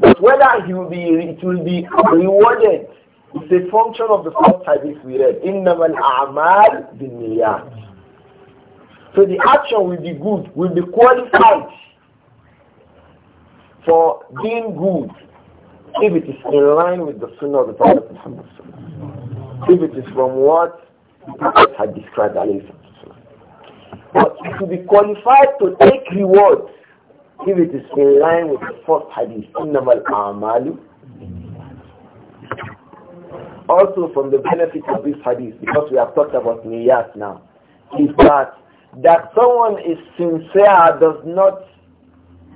Speaker 2: But whether he will be, it will be rewarded it's a function of the first hadith we read. إِنَّمَا الْأَعْمَالِ بِالنِّيَّاتِ So the action will be good, will be qualified for being good if it is in line with the sunnah of the Prophet Muhammad if it is from what the Prophet had described But it will be qualified to take reward if it is in line with the first hadith, إِنَّمَا amalu also from the benefits of this hadith, because we have talked about niyat now, is that that someone is sincere does not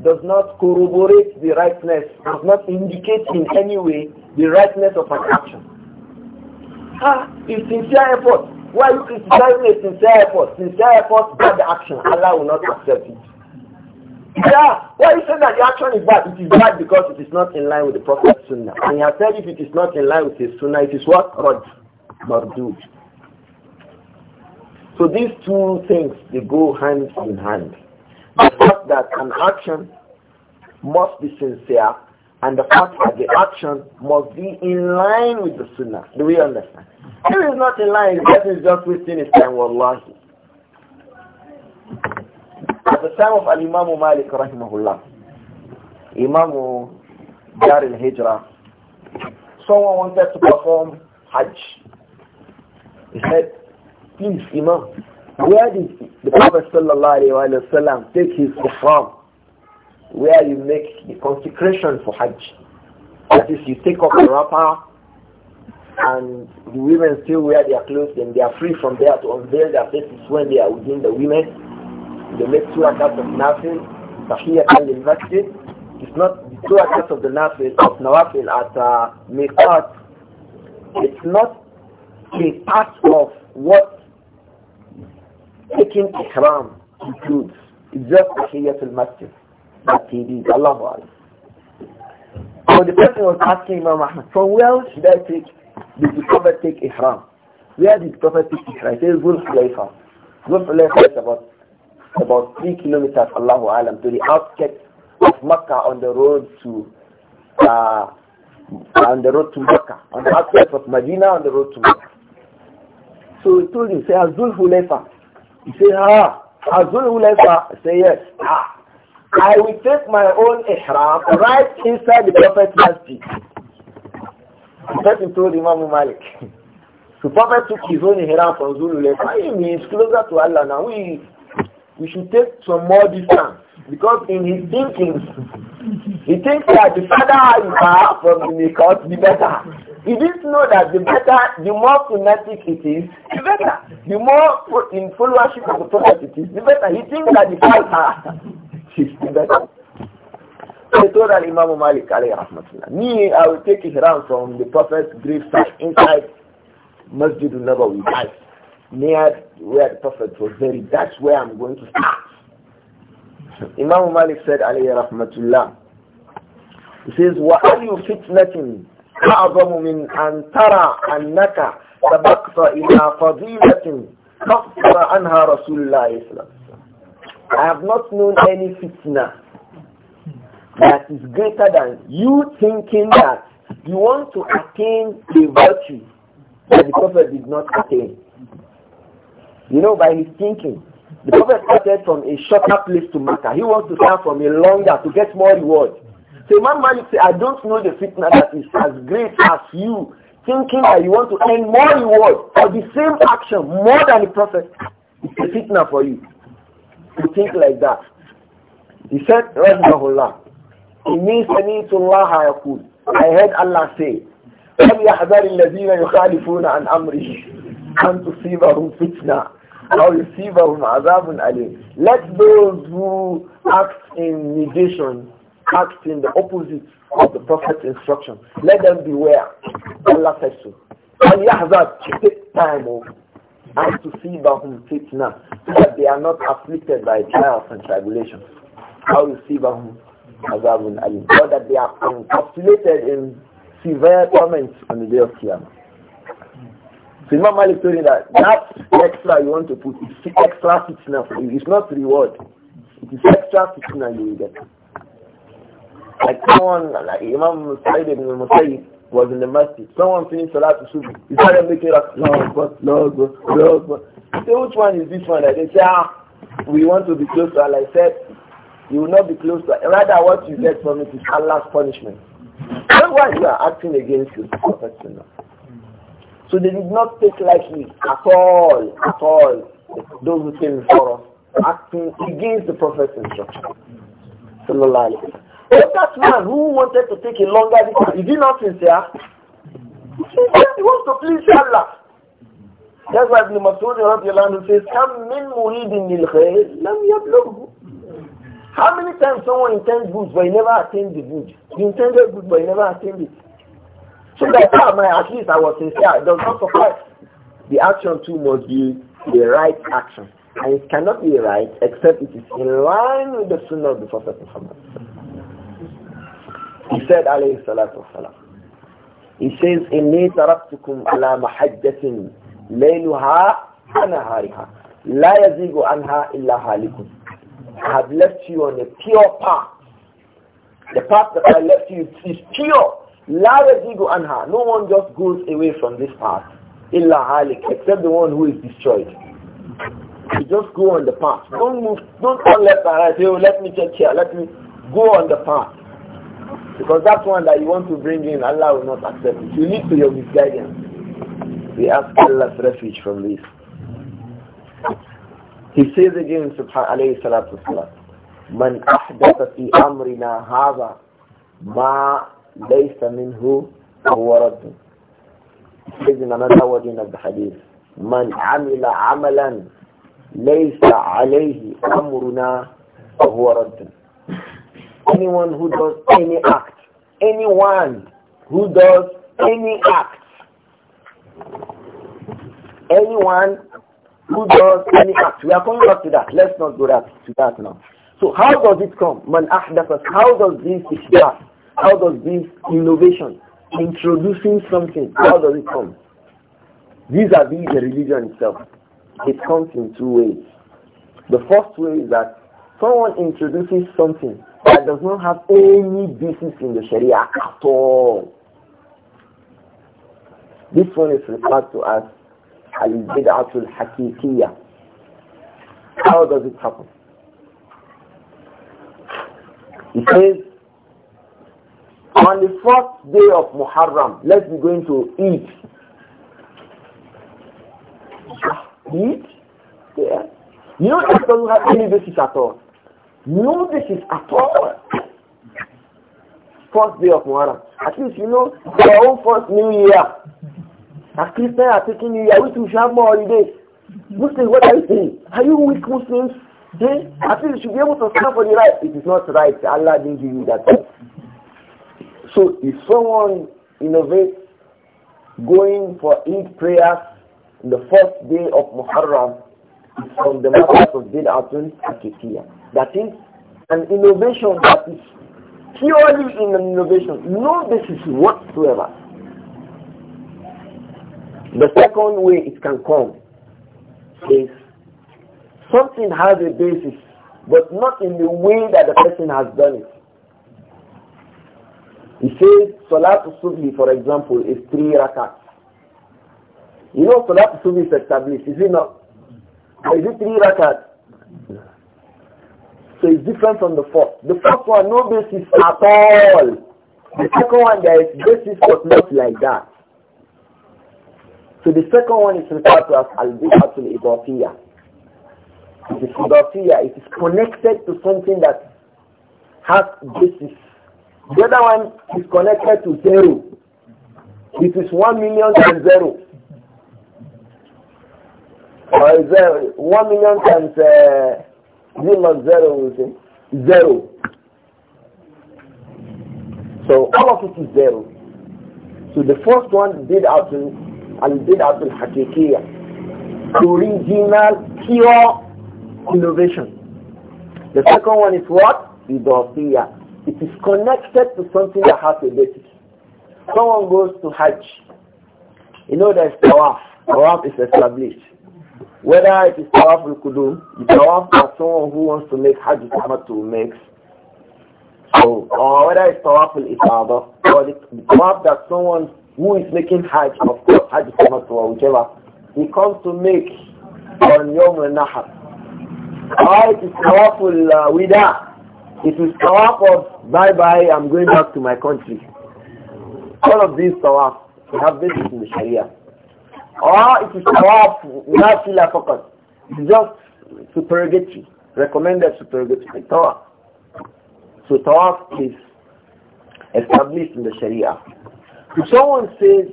Speaker 2: does not corroborate the rightness, does not indicate in any way the rightness of an action. Ah, it's sincere effort. Why are you criticizing a sincere effort? Sincere effort, bad action. Allah will not accept it. Yeah, why you say that the action is bad? It is bad because it is not in line with the Prophet's Sunnah. And he has said if it is not in line with his Sunnah, it is what? Rod, Mardud. So these two things, they go hand in hand. The fact that an action must be sincere and the fact that the action must be in line with the Sunnah. Do we understand? If it is not in line, the person is just wasting his time, wallahi. At the time of Al-Imam Malik rahimahullah, Imam al-Hijrah, someone wanted to perform Hajj. He said, please Imam, where did the Prophet sallallahu take his ihram? Where you make the consecration for Hajj. That is, you take off the wrapper and the women still wear their clothes and they are free from there to unveil their faces when they are within the women they make two rakats of nafil, tahiyyat al-masjid. It's not the two rakats of the nafil, of nawafil at uh, miqat. It's not a part of what taking ihram includes. It's just tahiyyat al-masjid that he did. Allah So the person was asking Imam Ahmad, from where should I take, did the Prophet take ihram? Where did the Prophet take ihram? He says, Zul Hulayfa. Zul Hulayfa is about about three kilometers, Allahu Alam, to the outskirts of Makkah on the road to uh, on the road to Mecca, on the outskirts of Medina on the road to Mecca. So he told him, say Azul Hulefa. He said, Ah, Azul Hulefa. Say yes. Ah. I will take my own ihram right inside the Prophet's masjid. The person told Imam Malik. The Prophet took his own ihram from Zulu Hulefa. He means closer to Allah now. We we should take some more distance because in his thinking, he thinks that the further you are from the makeup, the better. He didn't know that the better, the more fanatic it is, the better. The more in followership of the prophet it is, the better. He thinks that the fighter is the better. So he told Imam Malik alayhi rahmatullah, me, I will take it round from the prophet's grave site inside Masjid al-Nabawi, near where the Prophet was buried, that's where I'm going to start. Imam Malik said, alayhi rahmatullah, he says, وَأَيُّ فِتْنَةٍ أَعْظَمُ مِنْ أَنْ تَرَى أَنَّكَ سَبَقْتَ إِلَى فَضِيلَةٍ كَفْرَ عَنْهَا رَسُولُ اللَّهِ Islam." I have not known any fitna that is greater than you thinking that you want to attain a virtue that the Prophet did not attain. You know, by his thinking. The prophet started from a shorter place to matter. He wants to start from a longer to get more reward. So Imam Malik say I don't know the fitnah that is as great as you thinking that you want to earn more reward for the same action more than the prophet. It's a fitna for you to think like that. He said, Rahimahullah, it means Allah yaqul. I heard Allah say, فَلْيَحْذَرِ الَّذِينَ يُخَالِفُونَ عَنْ أَمْرِهِ أَنْ تُصِيبَهُمْ فِتْنَةً I receive يصيبهم عذاب أليم let those who act in negation act in the opposite of the prophet's instruction let them beware Allah says so and يحذر take time oh, and to see bahum fitna that they are not afflicted by trials and tribulations how you see bahum azabun Ali, so that they are encapsulated in severe torments on the day of Qiyamah so Imam Malik told me that that extra you want to put is extra fitna for you. It's not reward. It is extra fitna you will get. Like someone, like Imam Sa'id ibn Musayyib was in the masjid. Someone finished Salat Subi. He started making a no, but no, but no, Say, which one is this one? And they say, ah, we want to be close to Allah. I said, you will not be close to Allah. Rather, what you get from it is Allah's punishment. That's why you are acting against the Prophet Sunnah? So they did not take lightly at all, at all, those who came before us, acting against the Prophet's instruction. So alayhi wa But that man who wanted to take a longer distance, he did not sincere? He wants to please Allah. That's why Ibn Masud says, Come min muridin lil khayr, lam yablughu. How many times someone intends good but he never attained the good? He intended good but he never attained it. So that time, at least I was sincere. It does not suffice. The action too must be the right action. And it cannot be right except it is in line with the sunnah of the Prophet Muhammad. He said, alayhi salatu wasalam. He says, إِنِّي تَرَكْتُكُمْ عَلَى مَحَجَّةٍ لَيْلُهَا anahariha, لَا يَزِيغُ عَنْهَا إِلَّا هَالِكُمْ I have left you on a pure path. The path that I left you is pure. La yazidu anha. No one just goes away from this path. Illa halik. Except the one who is destroyed. You just go on the path. Don't move. Don't turn left and right. Say, oh, let me check here. Let me go on the path. Because that one that you want to bring in, Allah will not accept it. You need to your misguidance. We ask Allah's refuge from this. He says again, subhanahu salatu Man ahdatha fi amrina hava ma ليس منه هو رد سيدنا ماذا وجدنا بحديث من عمل عملا ليس عليه أمرنا فهو رد anyone who does any act anyone who does any act anyone who does any act we are coming back to that let's not go back to that now so how does it come man ahdafas how does this start How does this innovation, introducing something, how does it come? These are the religion itself. It comes in two ways. The first way is that someone introduces something that does not have any basis in the Sharia at all. This one is referred to as al al hakikiyya. How does it happen? He says, on the fourth day of Muharram, let's be going to eat. Ah, eat? Yeah. You know that doesn't have any basis at all. No basis at all. First day of Muharram. At least you know their own first New Year. As Christians are taking New Year, we should have more holidays. Muslims, what are you saying? Are you weak Muslims? They, at least you should be able to stand for the right. It is not right. Allah didn't give you that. Right. So if someone innovates going for Eid prayers the first day of Muharram it's from the matters of Bid'atun Akitiyah. That is an innovation that is purely in an innovation. No basis whatsoever. The second way it can come is something has a basis, but not in the way that the person has done it. He says Salatul Subhi, for example, is three rakat. You know Salatul Subhi is established, is it not? Is it three rakat? So it's different from the first. The first one, no basis at all. The second one, there is basis but not like that. So the second one is referred to as al-bid'atul idafiyah. It is idafiyah. It is connected to something that has basis the other one is connected to zero. It is one million times zero. Or is there one million times uh, zero, zero, Zero. So all of it is zero. So the first one did out and did out al haqiqiyah original pure innovation. The second one is what? Idafiyah it is connected to something that has a basis. Someone goes to Hajj. You know there is Tawaf. Tawaf is established. Whether it is Tawaf Rukudum, the Tawaf is someone who wants to make Hajj to make, so, or whether it's powerful al-Ifada, or the, Tawaf that someone who is making Hajj, of course, Hajj or whichever, he comes to make on Yom al-Nahar. Or it is Tawaf al-Wida, it is tawaf of bye-bye, I'm going back to my country. All of these tawaf, we have this in the Sharia. Or it is tawaf, Sila focus. It's just supererogatory, recommended supererogatory tawaf. So tawaf is established in the Sharia. If someone says,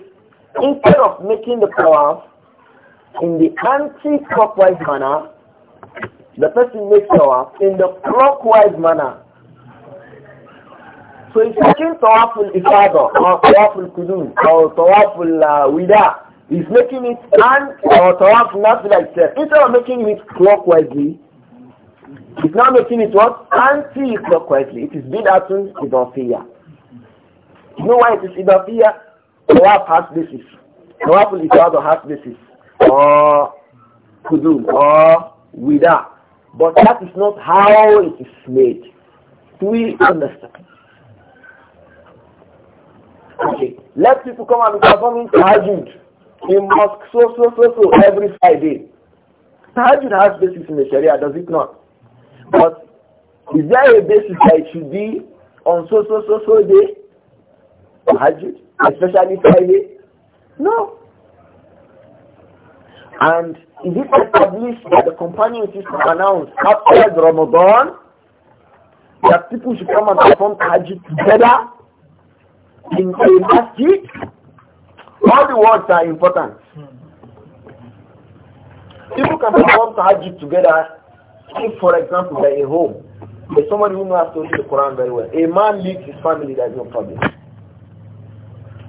Speaker 2: instead of making the tawaf in the anti-clockwise manner, the person makes tawaf in the clockwise manner. So if making tawaf al-ifada or tawaf al-kudun or tawaf al-wida, uh, he's making it and or tawaf not like itself. Instead of making it clockwise, he's now making it what? Anti-clockwise. It is bid'atun idafiyah. You know why it is idafiyah? Tawaf has basis.
Speaker 3: Tawaf al-ifada
Speaker 2: has basis. Or kudun or wida but that is not how it is made. Do we understand? Okay, let people come and perform tajud in mosque so so so so every Friday. Tajud has basis in the Sharia, does it not? But is there a basis that it should be on so so so so day? Tahajjud, especially Friday? No. And is it established that the companions used to announce after Ramadan that people should come and perform Hajj together in the masjid? All the words are important. People can perform Hajj together if, for example, they're at home. There's somebody who knows to read the Quran very well. A man leaves his family, there's no problem.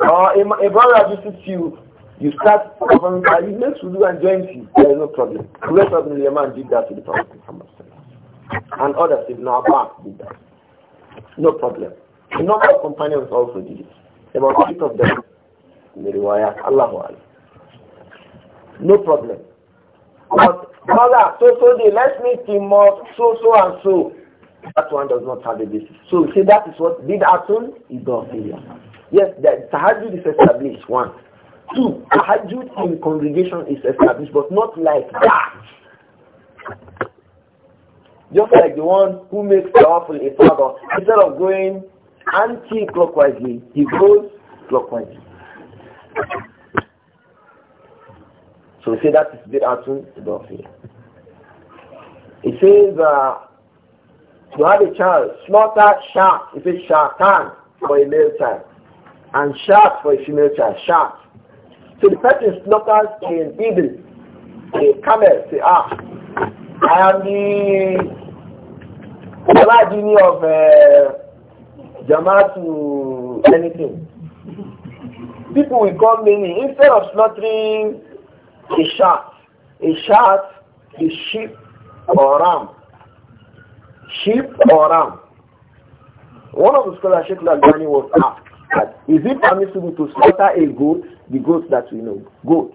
Speaker 2: Uh, a, a brother visits you you start covering, and uh, you make sujood and join you. There is no problem. Rest of the man did that to the Prophet Muhammad. And others, if Ibn Abbas did that. No problem. A number companions also did it. About eight of them in the riwayat. Allahu No problem. But brother, so so they let me see more so so and so. That one does not have a basis. So we see that is what did bid atun is Yes, the tahajjud is established, one. Two, tahajjud in congregation is established, but not like that. Just like the one who makes offering a father, instead of going anti-clockwise, he goes clockwise. So we say that is bid'atun here. It says uh, to have a child, slaughter shark, it it's shatan for a male child, and shark for a female child, shark. So the person slaughters a beagle, a camel, say, ah, I am the Jamadini of uh, Jamaat to anything. People will come many. Instead of slaughtering a shark, a shark a sheep or ram. Sheep or ram. One of the scholars, sheik Lagani, was asked, that is it permissible to slaughter a goat, the goat that we know, goat.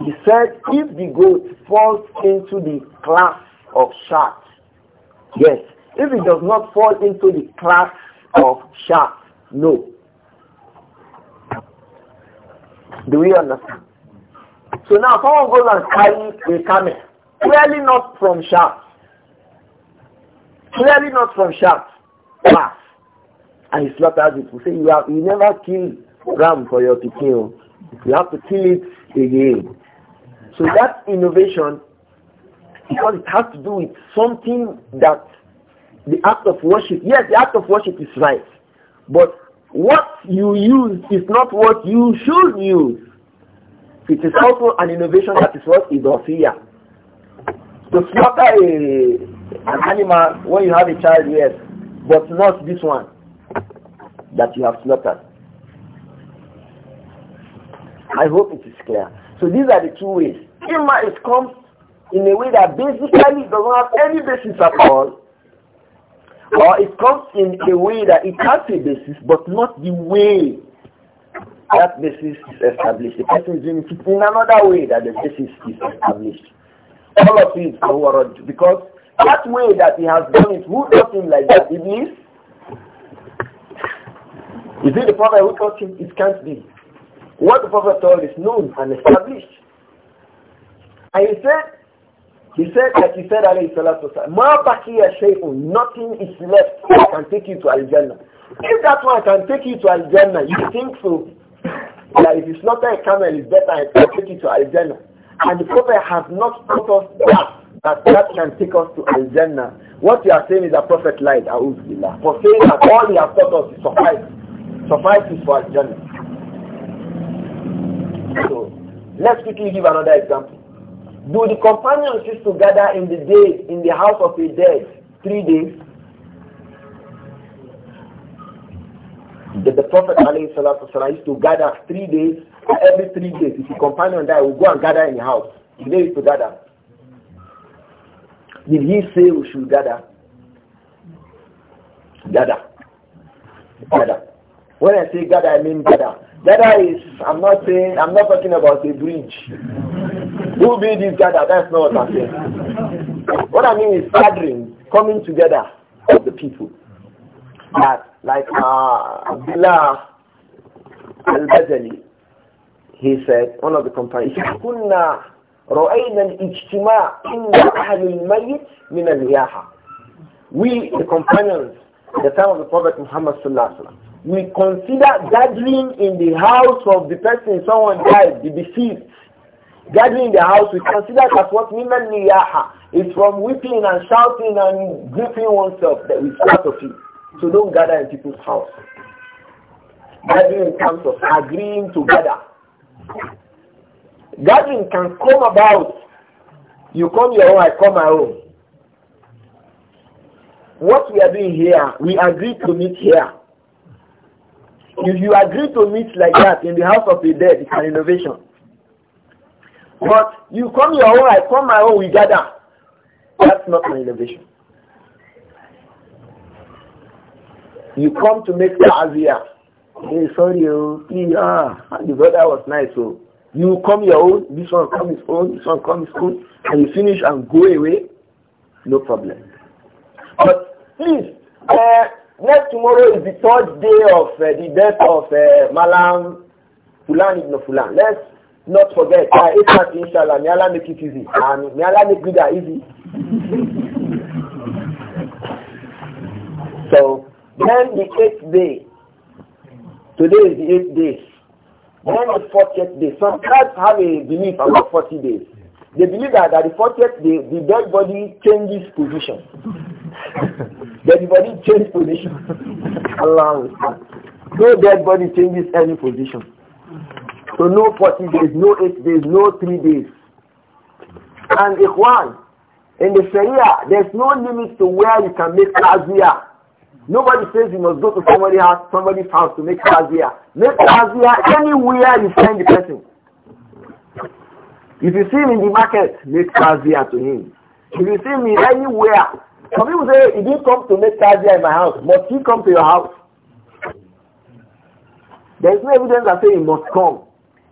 Speaker 2: He said if the goat falls into the class of sharks, yes. If it does not fall into the class of sharks, no. Do we understand? So now someone goes and carries a camel, clearly not from sharks, clearly not from sharks, class and he slaughters it, we say you have you never kill ram for your to oh. kill. You have to kill it again. So that innovation, because it has to do with something that the act of worship, yes, the act of worship is right, but what you use is not what you should use. It is also an innovation that is what is here. To slaughter a, an animal when you have a child, yes, but not this one that you have slaughtered. I hope it is clear. So these are the two ways. i it comes in a way that basically doesn't have any basis at all. Or it comes in a way that it has a basis, but not the way that basis is established. The person is doing it in another way that the basis is established. All of it is because that way that he has done it, who does him like that? It is. Is it the Prophet who taught him? It can't be. What the Prophet taught is known and established. And he said, he said that he said alayhi salatu Ma'abaki baqiya shay'un, nothing is left that can take you to Al-Jannah. If that one can take you to Al-Jannah, you think so? That if it's not a camel, it's better it can take you to Al-Jannah. And the Prophet has not taught us that, that that can take us to Al-Jannah. What you are saying is a Prophet lied, A'udhu Billah. For saying that all he has taught us is suffice suffices for journey. So, let's quickly give another example. Do the companions used to gather in the day in the house of a dead three days? Did the Prophet والسلام, used to gather three days, every three days. If a companion died, we go and gather in the house. He is to gather. Did he say we should gather? Gather. Gather. When I say gather, I mean gather. Gather is, I'm not saying, I'm not talking about a bridge. Who made this gather? That's not what I'm
Speaker 3: saying.
Speaker 2: What I mean is gathering, coming together of the people. That, like uh, Abdullah al-Bazali, he said, one of the companions, كنا رأينا الاجتماع عند أهل الميت من We, the companions, at the time of the Prophet Muhammad sallallahu alaihi wasallam, we consider gathering in the house of the person someone died, the deceased. Gathering in the house, we consider that what women niyaha is from weeping and shouting and gripping oneself we start of it. So don't gather in people's house. Gathering in terms of agreeing together. Gathering can come about. You come your own, I come my own. What we are doing here, we agree to meet here if you agree to meet like that in the house of the dead, it's an innovation. But you come your own, I come my own, we gather. That's not an innovation. You come to make ta'aziyah. Hey, sorry, oh, yeah, the brother was nice, so oh. you come your own, this one come his own, this one come his own, and you finish and go away, no problem. But please, uh, Next tomorrow is the third day of uh, the death of uh, Malam Fulan ibn Fulan. Let's not forget. Uh, it's not inshallah. May Allah make it easy. And may Allah make it easy. (laughs) so then the eighth day. Today is the eighth day. Then the fortieth day. Some tribes have a belief about forty days. They believe that, at the fortieth day the dead body changes position. (laughs) dead body change position. Allah No dead body changes any position. So no 40 days, no 8 days, no 3 days. And one, in the Sharia, there's no limit to where you can make tazia. Nobody says you must go to somebody house, somebody's house to make tazia. Make tazia anywhere you find the person. If you see him in the market, make tazia to him. If you see me anywhere, some people say, he didn't come to make tajia in my house. Must he come to your house? There is no evidence that say he must come.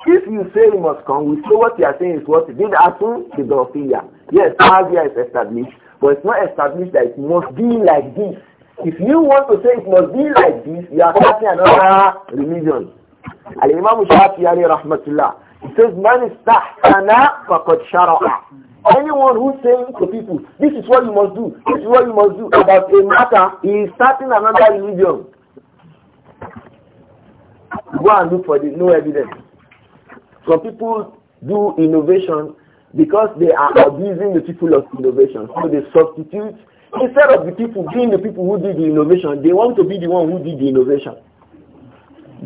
Speaker 2: If you say he must come, we say what you are saying is what he did happen to Dorothea. Yes, tajia is established, but it's not established that it must be like this. If you want to say it must be like this, you are starting another religion. Al-Imam Shafi'i rahmatullah, he says, Man tahtana faqad shara'a. Anyone who's saying to people, this is what you must do, this is what you must do about a matter, he is starting another religion. Go and look for the no evidence. Some people do innovation because they are abusing the people of innovation. So they substitute, instead of the people being the people who did the innovation, they want to be the one who did the innovation.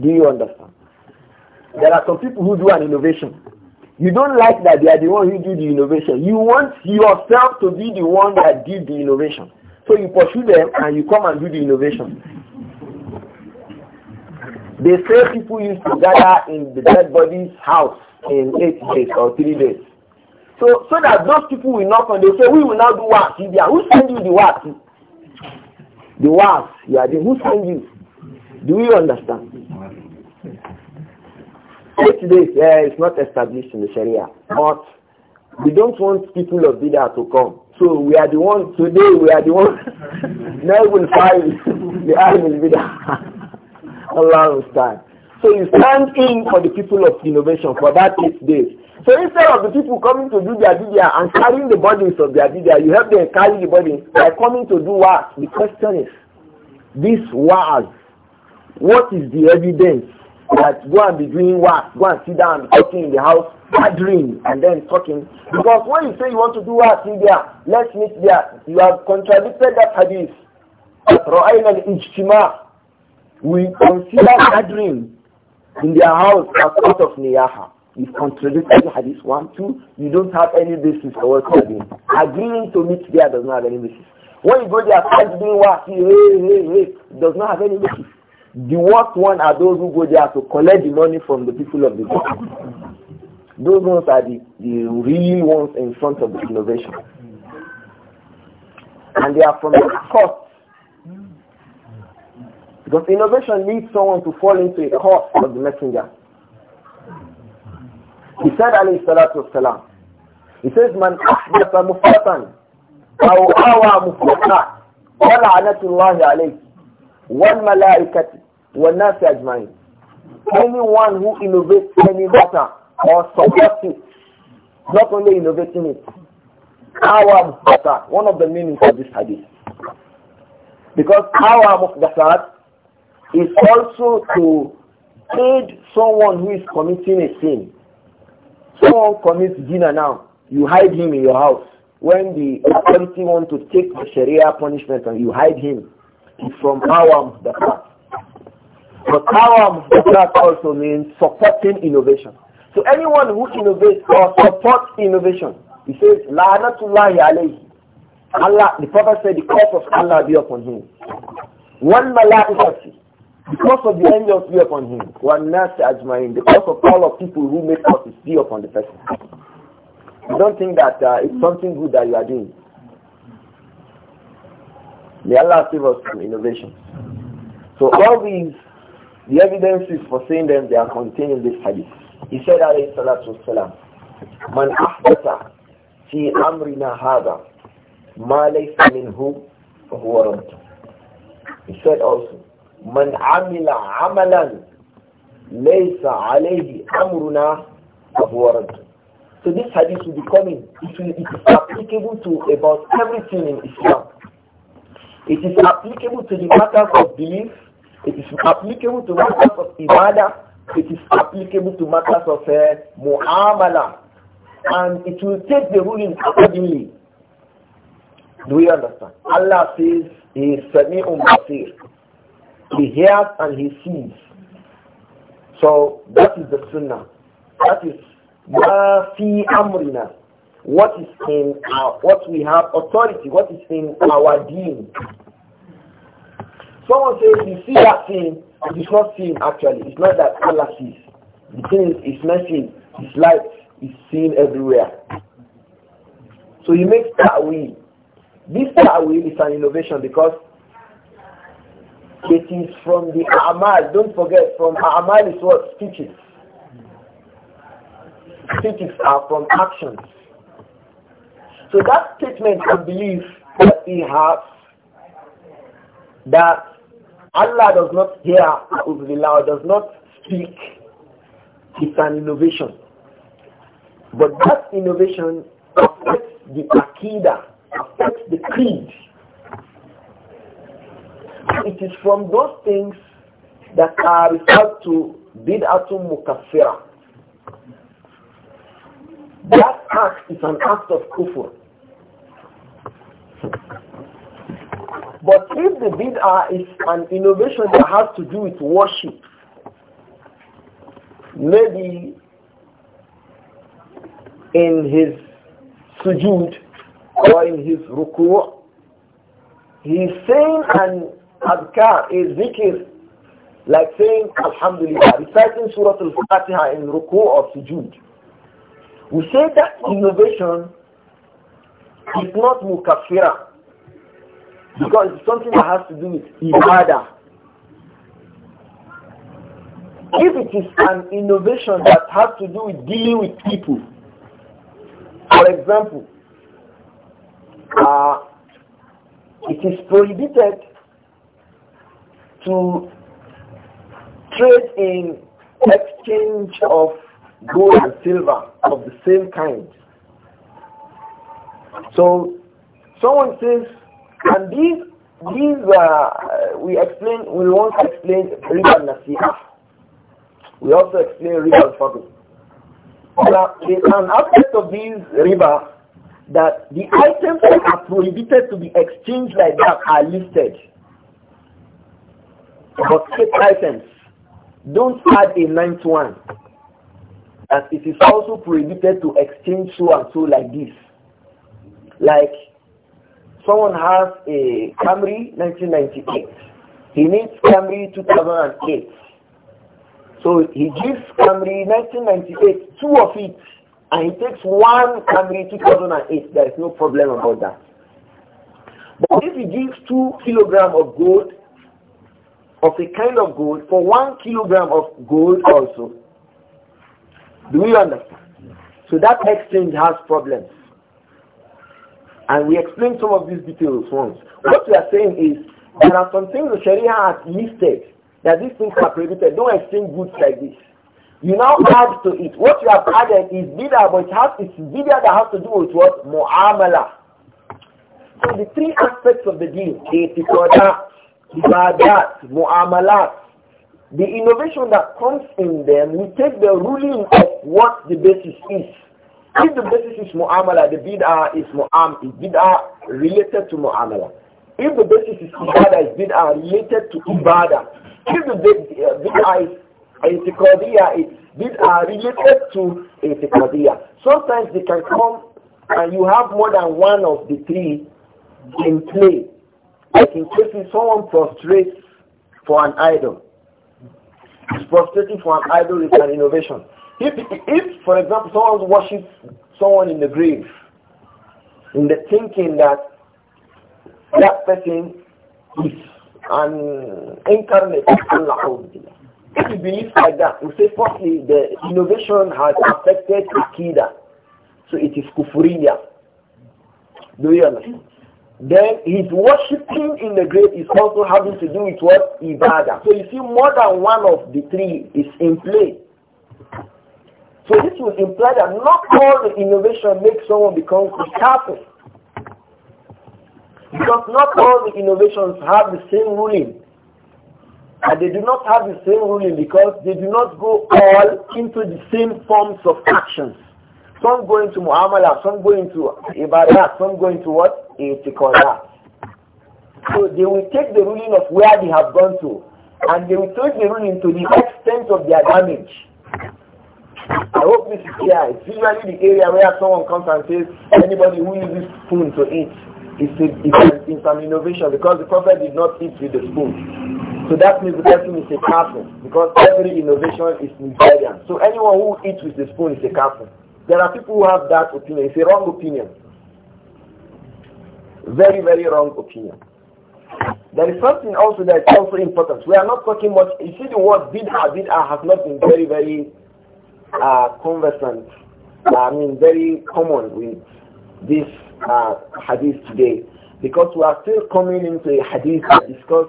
Speaker 2: Do you understand? There are some people who do an innovation. You don't like that they are the one who do the innovation. You want yourself to be the one that did the innovation. So you pursue them and you come and do the innovation. They say people used to gather in the dead body's house in eight days or three days. So so that those people will not come, they say, we will now do what? Who sent you the what? The what? Yeah, who sent you? Do you understand? Today uh, it's not established in the Sharia, but we don't want people of Bida to come. So we are the ones, today we are the ones, (laughs) now. We'll find (laughs) the Ahlul Bida. (laughs) Allah understand. So you stand in for the people of innovation for that eight days. So instead of the people coming to do their video and carrying the bodies of their video, you help them carry the bodies by coming to do what? The question is, this was, what is the evidence that go and be doing work, go and sit down and be talking in the house, gathering and then talking. Because when you say you want to do work in there, let's meet there, you have contradicted that hadith. al الاجتماع we consider gathering in their house as part of niyaha. contradict contradicted hadith one, two, you don't have any basis for what you're doing. Agreeing to meet there does not have any basis. When you go there, start doing work. hey, hey, hey, does not have any basis. The worst one are those who go there to collect the money from the people of the book. Those ones are the, the real ones in front of the innovation. And they are from the cost because innovation needs someone to fall into a cause of the messenger. He said, alayhi salatu Salam. he says, man ahdatha mufatan, aw awa mufatan, fala'anatullahi alayhi. One one وَالنَّاسِ أَجْمَعِينَ Anyone who innovates any matter or supports it, not only innovating it, our muhdathah, one of the meanings of this hadith. Because our muhdathat is also to aid someone who is committing a sin. Someone commits dinner now, you hide him in your house. When the authority want to take the Sharia punishment and you hide him, from Awa Muhdathat. But Awa also means supporting innovation. So anyone who innovates or supports innovation, he says, La'anatullahi alayhi. Allah, the Prophet said, the curse of Allah be upon him. One malaikati, the curse of the angels be upon him. One nasi ajmain, the curse of all of people who make curses be upon the person. You don't think that uh, it's something good that you are doing. May Allah save us from innovation. So all these, the evidences for saying them, they are contained in this hadith. He said, alayhi salatu wasalam, Man ahbata fi amrina hada ma laysa minhu fahuwa He said also, Man amila amalan laysa alayhi amruna fahuwa rad. So this hadith will be coming. It, will, it is applicable to about everything in Islam. It is applicable to the matters of belief. It is applicable to matters of ibadah. It is applicable to matters of uh, muamala. And it will take the ruling accordingly. Do we understand? Allah says He is Sami'un Basir. He hears and He sees. So that is the Sunnah. That is ما في أمرنا what is in our, what we have authority, what is in our deen. Someone says, you see that thing, it's not seen actually. It's not that Allah sees. The thing is, not seen. it's light, it's seen everywhere. So he makes wheel. This wheel is an innovation because it is from the amal. Don't forget, from amal is what? Speeches. Speeches are from actions. So that statement of belief that he has that Allah does not hear Allah does not speak, is an innovation. But that innovation affects the Akida, affects the creed. It is from those things that are referred to bid'atum mukaffira. That act is an act of kufr. But if the bid'ah is an innovation that has to do with worship, maybe in his sujood or in his ruku', he's saying an adkar, a zikr, like saying Alhamdulillah, reciting Surah Al-Fatiha in ruku' or sujood. We say that innovation it's not mukaffira. Because it's something that has to do with ibadah. If it is an innovation that has to do with dealing with people, for example, uh, it is prohibited to trade in exchange of gold and silver of the same kind so someone says, and these these uh, we explain we once explain riba nasiha. We also explain riba al Now, there's an aspect of these riba that the items that are prohibited to be exchanged like that are listed. But six items. Don't add a ninth one. As it is also prohibited to exchange so and so like this. Like someone has a Camry 1998. He needs Camry 2008. So he gives Camry 1998 two of it and he takes one Camry 2008. There is no problem about that. But if he gives two kilogram of gold, of a kind of gold, for one kilogram of gold also, do we understand? So that exchange has problems. And we explained some of these details once. What we are saying is there are some things the Sharia has listed that these things are prohibited. Don't exchange goods like this. You now add to it. What you have added is bid'ah, but it has, it's bid'ah that has to do with what? Mu'amala. So the three aspects of the deal: etiqadat, ibadat, mu'amalat, the innovation that comes in them, we take the ruling of what the basis is. If the basis is mu'amala, the bid'ah is mu'am, is bid'ah related to mu'amala. If the basis is ibadah, is bid'ah related to ibadah. If the uh, bid'ah is intiqadiyah, it's bid'ah related to intiqadiyah. Sometimes they can come and you have more than one of the three in play. Like in case someone frustrates for an idol. frustrating for an idol is an innovation. If, if, for example, someone washes someone in the grave, in the thinking that that person is an incarnate Allah. If you believe like that, we say firstly the innovation has affected Akida. So it is kufuriya. Do you understand? Then his worshipping in the grave is also having to do with what? Ibadah. So you see more than one of the three is in play. So this would imply that not all the innovation makes someone become a captain. Because not all the innovations have the same ruling. And they do not have the same ruling because they do not go all into the same forms of actions. Some go into muamala, some go into ibadah, some go into what? Itikodah. So they will take the ruling of where they have gone to and they will take the ruling to the extent of their damage. I hope this is clear. It's usually the area where someone comes and says, anybody who uses spoon to eat, it's, a, it's, it's an innovation because the prophet did not eat with the spoon. So that means the person is a kafir because every innovation is Nigerian. So anyone who eats with the spoon is a kafir. There are people who have that opinion. It's a wrong opinion. Very, very wrong opinion. There is something also that is also important. We are not talking much. You see the word bid'ah, bid'ah has not been very, very are uh, conversant, I mean very common with this uh, hadith today because we are still coming into a hadith that discuss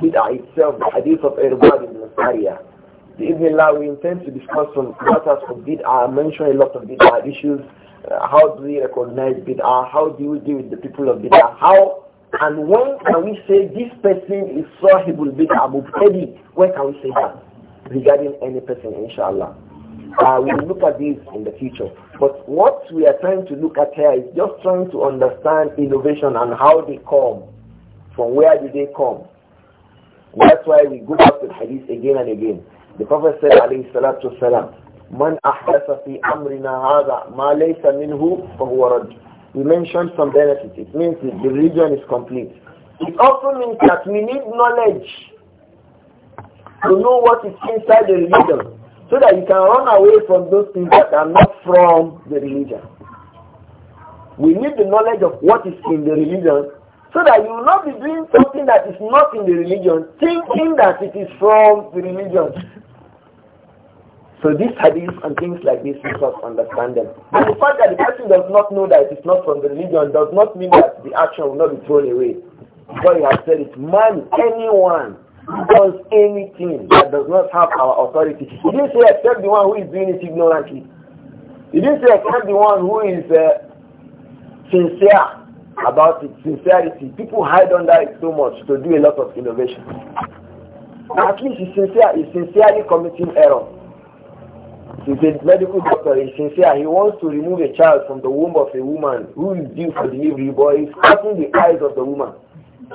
Speaker 2: bid'ah itself, the hadith of Irbad ibn Sariya. Bismillah, we intend to discuss some matters of bid'ah, mention a lot of bid'ah issues, uh, how do we recognize bid'ah, how do we deal with the people of bid'ah, how and when can we say this person is sahibul bid'ah, mubtadi, when can we say that regarding any person, inshallah. Uh, we will look at this in the future. But what we are trying to look at here is just trying to understand innovation and how they come. From where do they come? That's why we go back to the hadith again and again. The Prophet said, alayhi salatu Salam." Man ahdasa fi amrina hada ma laysa minhu fahuwa We mentioned some benefits. It means that the religion is complete. It also means that we need knowledge to know what is inside the religion. So that you can run away from those things that are not from the religion. We need the knowledge of what is in the religion so that you will not be doing something that is not in the religion, thinking that it is from the religion. So these hadith and things like this we must understand them. And the fact that the person does not know that it is not from the religion does not mean that the action will not be thrown away. God has said it, man, anyone does anything that does not have our authority. He didn't say except the one who is doing it ignorantly. He didn't say except the one who is uh, sincere about it, sincerity. People hide under it so much to do a lot of innovation. At least he's sincere, he's sincerely committing error. He's a medical doctor, he's sincere. He wants to remove a child from the womb of a woman who is due for delivery, but he's cutting the eyes of the woman.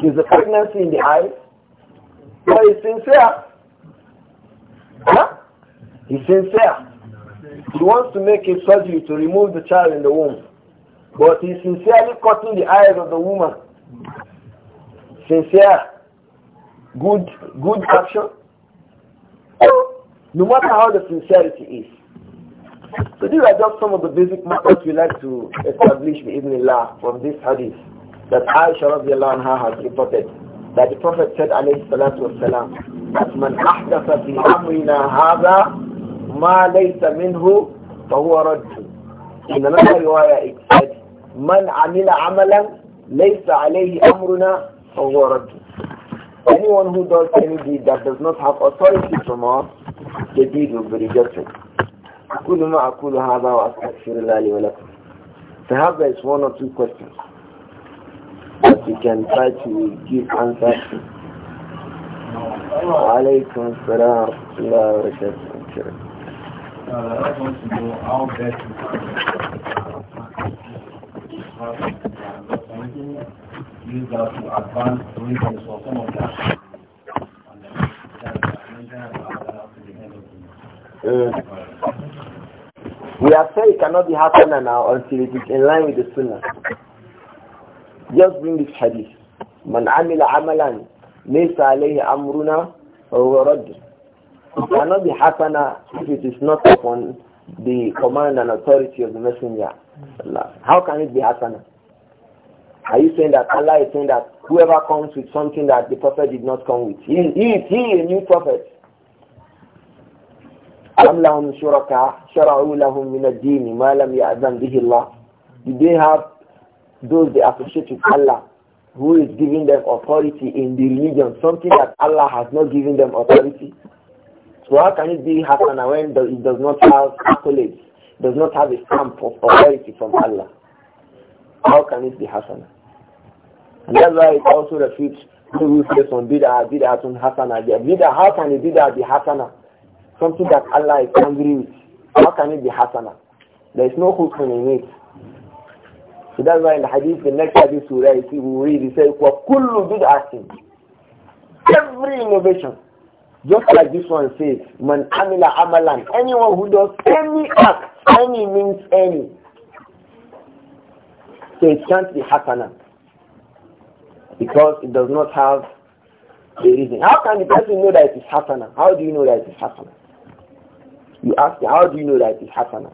Speaker 2: Is the pregnancy in the eye? But he's sincere. Huh? He's sincere. He wants to make a surgery to remove the child in the womb. But he's sincerely cutting the eyes of the woman. Sincere. Good good action. No matter how the sincerity is. So these are just some of the basic matters we like to establish in Allah from this hadith that Aisha radiallahu anha has reported that the Prophet said alayhi salatu wasalam that man ahdasa fi amrina hadha ma laysa minhu fahuwa raddu in another riwayah it said man amila amalan laysa alayhi amruna fahuwa raddu anyone who does any deed that does not have authority from us the deed will be rejected أقول ما أقول هذا وأستغفر الله لي ولكم. have one or two questions that you can try to give answers.
Speaker 1: Alaykum salam wa rahmatullahi
Speaker 3: I want to uh, know how best to
Speaker 2: We have said it cannot be happening now until it is in line with the sunnah. Just bring this hadith. Man amila amalan nisa alayhi amruna radd. It cannot be hasana if it is not upon the command and authority of the messenger. How can it be hasana? Are you saying that Allah is saying that whoever comes with something that the prophet did not come with, he, he is he a new prophet? أم لهم شركاء شرعوا لهم من الدين ما لم يأذن به الله Did they have those they associate with Allah, who is giving them authority in the religion, something that Allah has not given them authority. So how can it be Hasanah when it does not have accolades, does not have a stamp of authority from Allah? How can it be Hasanah? And that's why it also refutes who says on bid'ah, Bidah on Hasanah. bid'ah, how can a bid'ah be hasana? Something that Allah is angry with. How can it be Hasanah? There is no husband in it. So that's why in the hadith, the next hadith surah, you see, we read, He says, وَكُلُّ بِدْعَةٍ Every innovation, just like this one says, man amila amalan, anyone who does any act, any means any. So it can't be hasana because it does not have a reason. How can the person know that it is hasana? How do you know that it is hasana? You ask, how do you know that it is hasana?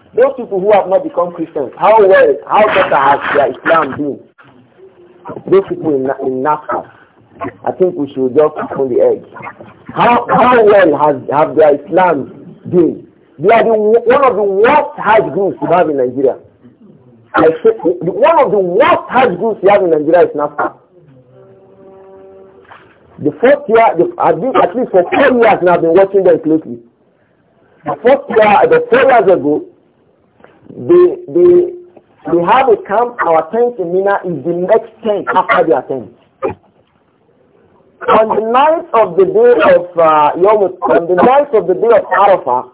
Speaker 2: Those people who have not become Christians, how well, how better has their Islam been? Those people in, in I think we should just on the egg. How, how well has have their Islam been? They are the, one of the worst hard groups we have in Nigeria. I say, one of the worst hard groups we have in Nigeria is NAFTA. The fourth year, the, at least for four years now, I've been watching them closely. The fourth year, the four years ago, they, they, they have a camp, our tent in Mina is the next tent after their tent. On the night of the day of uh, Yom, on the night of the day of Arafah,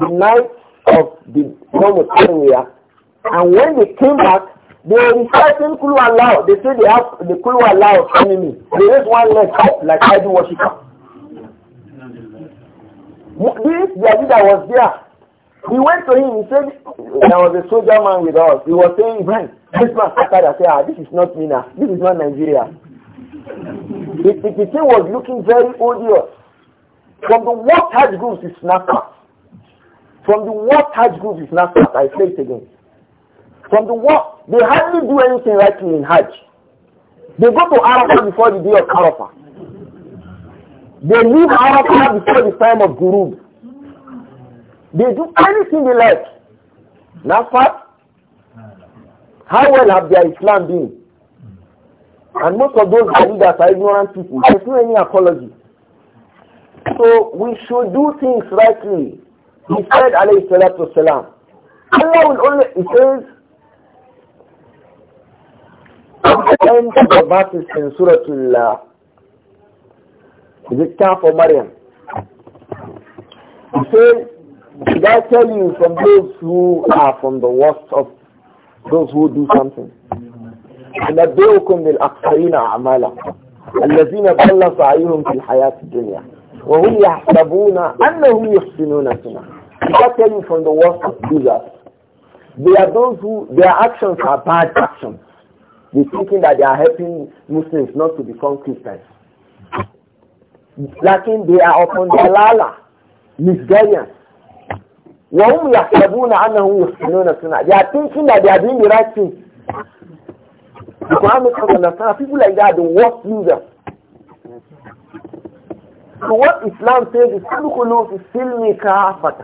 Speaker 2: the night of the Yom Tarwiyah, and when they came back, they were reciting Kulu Allah. They say they have the Kulu Allah enemy. They raise one leg up like idol worshiper. This, the that was there, we went to him, he said, there was a soldier man with us. He was saying, Ibrahim, this man started, ah, this is not Mina, this is not Nigeria. the, the, the thing was looking very odious. From the worst Hajj groups is Nasrat. From the worst Hajj groups is Nasrat, I say it again. From the worst, they hardly do anything right in Hajj. They go to Arafah before the day of Arafah. They leave Arafah before the time of Gurub. They do anything they like. Not fast. How well have their Islam been? And most of those believers are ignorant people. There's no any apology. So we should do things rightly. He said, alayhi salatu Salam." Allah will only, he says, and the verses in Surah Al, is it time for Maryam? He says, did I tell you from those who are from the worst of those who do something? أنبئكم بالأقصرين أعمالا الذين ضل سعيهم في الحياة الدنيا وهم يحسبون أنهم يحسنون صنعا Did I tell you from the worst of users? They are those who, their actions are bad actions. They're thinking that they are helping Muslims not to become Christians. Lacking, they are upon dalala, misguidance. وهم يحسبون أنهم يحسنون صنع they are thinking that they are doing the right thing the Quran makes us understand people like that are the worst losers so what Islam says is أدخلوا في السلم كافة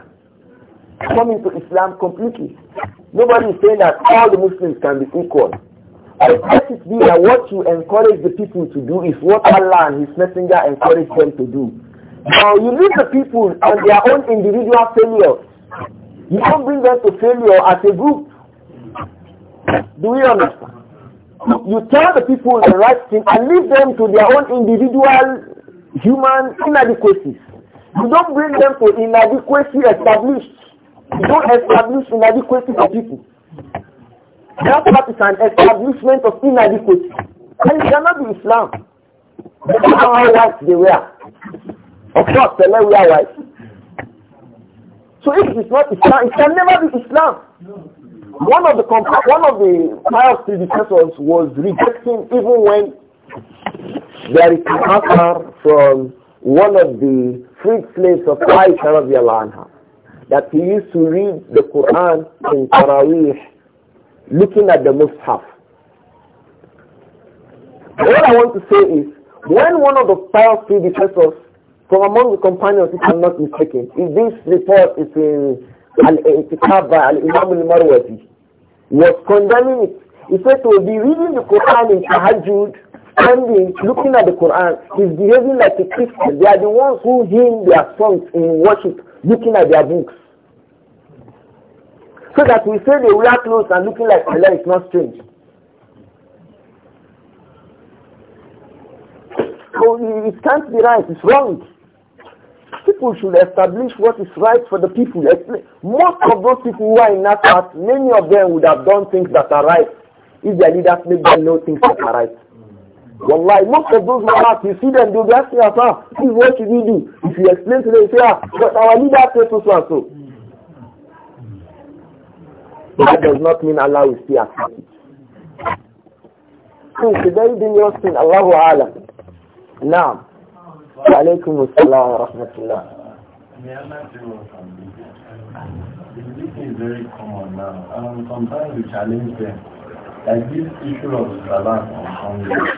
Speaker 2: coming to Islam completely nobody is saying that all the Muslims can be equal
Speaker 3: I let it be that
Speaker 2: what you encourage the people to do is what Allah and His Messenger encourage them to do. Now you leave the people on their own individual failures. You don't bring them to failure as a group. Do we understand? You tell the people the right thing and leave them to their own individual human inadequacies. You don't bring them to inadequacy established. You don't establish inadequacy for people. That part is an establishment of inadequacy. And it cannot be Islam. That's how not they were. Of course, they were right. So if it is not Islam, it can never be Islam. One of the one of the pious predecessors was rejecting even when there is an answer from one of the freed slaves of Aisha anha that he used to read the Quran in Taraweeh looking at the Mus'haf. What I want to say is, when one of the pious predecessors from among the companions, if I'm not mistaken, this report is in Al-Iqtab by Al-Imam Al-Marwazi, was condemning it. He said to be reading the Quran in Tahajjud, standing, looking at the Quran, he's behaving like a Christian. They are the ones who hymn their songs in worship, looking at their books. So that we say they wear clothes and looking like Allah is not strange. So it can't be right, it's wrong people should establish what is right for the people. Most of those people who are in that part, many of them would have done things that are right if their leaders make them know things that are right. Wallahi, most of those matters, you see them, they'll be asking us, ah, please, what should we do? If you explain to them, say, ah, but our leader says so, so and so. That does not mean Allah will stay as happy. So it's a very dangerous thing, Allahu Alam. Now, Alaykum assalam wa
Speaker 1: rahmatullah.
Speaker 3: This is very
Speaker 1: common now. Um, sometimes we challenge them. Like this issue of salat on Sunday.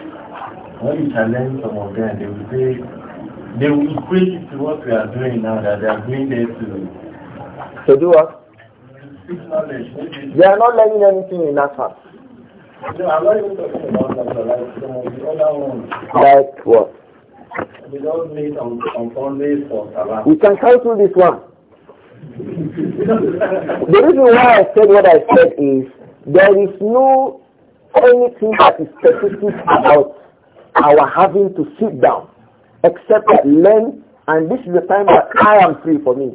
Speaker 1: When we challenge some of them, they will say, they will equate it to what we are doing now, that they are doing there to... To do what?
Speaker 2: They are not learning anything in that part. No, I'm not even talking about that, like some of the other ones. Like what? We don't meet on, Sundays for Salah. We can cancel this one.
Speaker 3: the
Speaker 2: reason why I said what I said is there is no anything that is specific about our having to sit down except that learn and this is the time that I am free for me.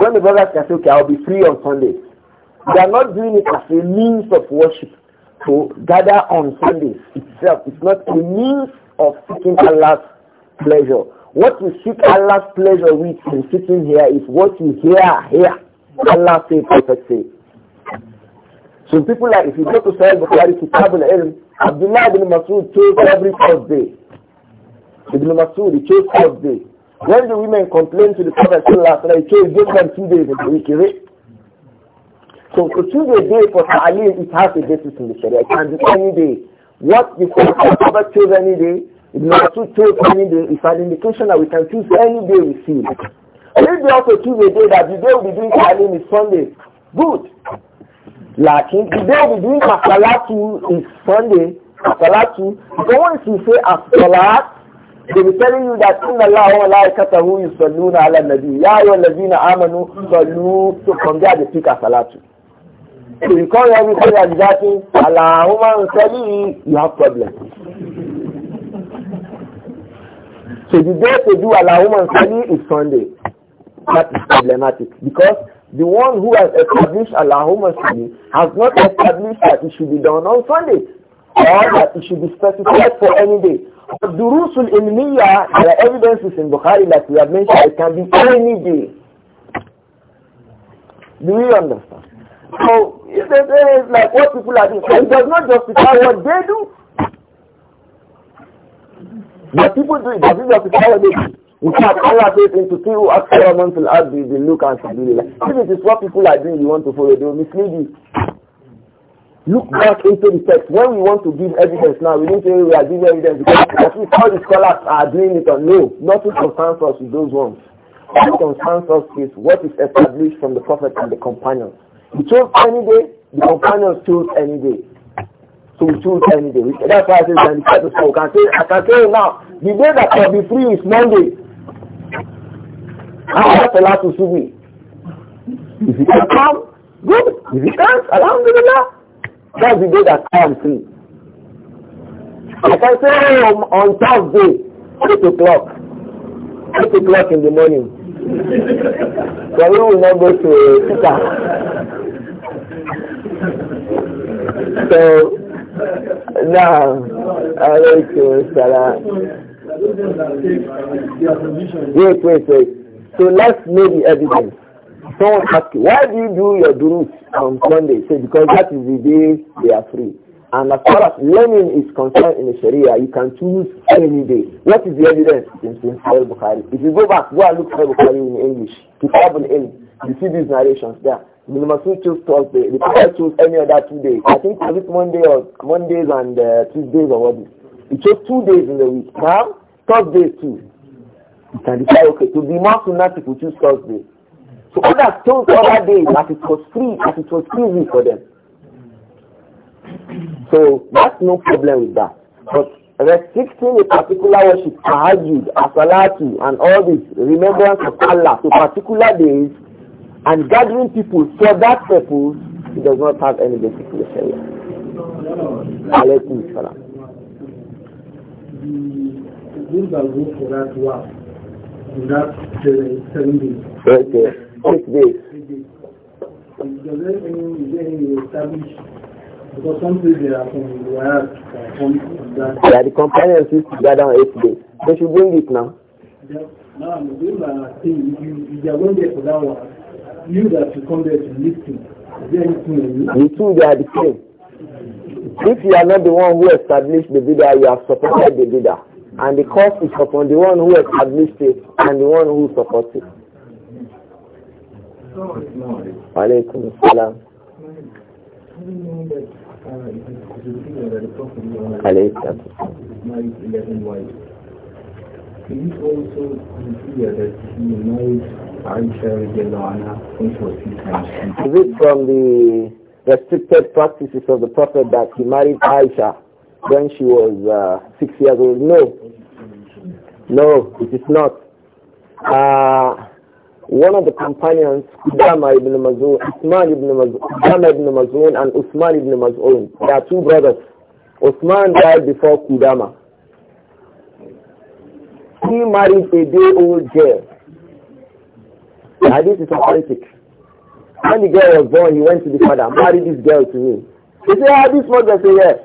Speaker 2: When the brothers can say, okay, I'll be free on Sundays, They are not doing it as a means of worship to gather on Sundays itself is not a means of seeking Allah's pleasure. What we seek Allah's pleasure with in sitting here is what you hear here. Allah say, Prophet say. So people like, if you go to Sahih Bukhari, Kitab al-Ilm, Abdullah ibn Masud chose every fourth day. Ibn Masud, he chose day. When the women complained to the Prophet, he chose different them two days in the week. So to choose a day for ta'aleem, it has a basis in the Sharia. It can be any day. What the Prophet chose any day, Ibn Rasul chose any day, it's an indication that we can choose any day we see. If they also choose a day that the day we'll be doing ta'aleem is Sunday, good. Lakin, the day we'll be doing Masalatu is Sunday, Masalatu. So once you say Asalat, they will telling you that inna Allah wa malaikatahu yusalluna ala nabi ya ayyuhallazina amanu sallu so from there they pick as salatu if you call everything like that, Allahumma Sali, you have problem. so the day to do tell Sali is Sunday. That is problematic because the one who has established Allahumma Sali has not established that it should be done on Sunday or that it should be specified for any day. But in Ilmiya, there are evidences in Bukhari that we have mentioned, it can be any day. Do you understand? So it is like what people are doing. So it does not justify what they do. What people do, it doesn't justify what they do. In fact, Allah says into two experiments will add the look and stability. If it is what people are doing you want to follow, they will mislead you. Look back into the text. When we want to give evidence now, we don't say we are giving evidence because at least all the scholars are doing it or no. Nothing concerns us with those ones. What concerns is what is established from the Prophet and the companions. We choose any day, the companions choose any day. So we choose any day. That's why I say that the so can say I can say now, the day that can be free is Monday. I have to me. If you can come, good. If you can't, alhamdulillah. That's the day that I am free. I can say on, oh, on Thursday, 8 o'clock, 8 o'clock in the morning.
Speaker 3: (laughs) so we will not go to Peter. so now alaikum salam
Speaker 2: wait wait wait so let's know the evidence someone ask you why do you do your durus on sunday say because that is the day they are free and as far as learning is concerned in the Sharia, you can choose any day. What is the evidence? It's in Sahih Bukhari. If you go back, go and look for Bukhari in English. Kitab al-Ilm. You see these narrations there. Ibn Masud chose Thursday. The Prophet chose any other two days. I think at least Monday or Mondays and uh, Tuesdays or what? He chose two days in the week. Now, Thursday too. You can decide, okay, to be more fanatic, we choose Thursday. So others chose other days as it was free, as it was easy for them. So that's no problem with that. But restricting a particular worship, tahajjud, asalatu, and all this remembrance of Allah to particular days and gathering people for that purpose, he does not have any basis in the Sharia. go for that work, in that seven days. Okay, six days. Is established because some are Yeah, the companions used to gather on eight days. They should bring it now. Yeah, now I'm doing my thing. If, you, if they are going there for that one, you that you come there to listen, you they are the same. If you are not the one who established the bid'ah, you have supported the bid'ah. And the cost is upon the one who established it and the one who supports it. Alaykum
Speaker 1: salam. Alaykum can you also consider
Speaker 3: that he married Aisha which was Is it
Speaker 2: from the restricted practices of the Prophet that he married Aisha when she was uh, six years old? No. No, it is not. Uh, one of the companions, Qudama ibn Mazun, Usman ibn Mazun, Qudama ibn Mazun and Usman ibn Mazun, they are two brothers. Usman died before Qudama. He married a day-old girl. this is politics. When the girl was born, he went to the father, married this girl to me. He said, ah, this mother said, yes.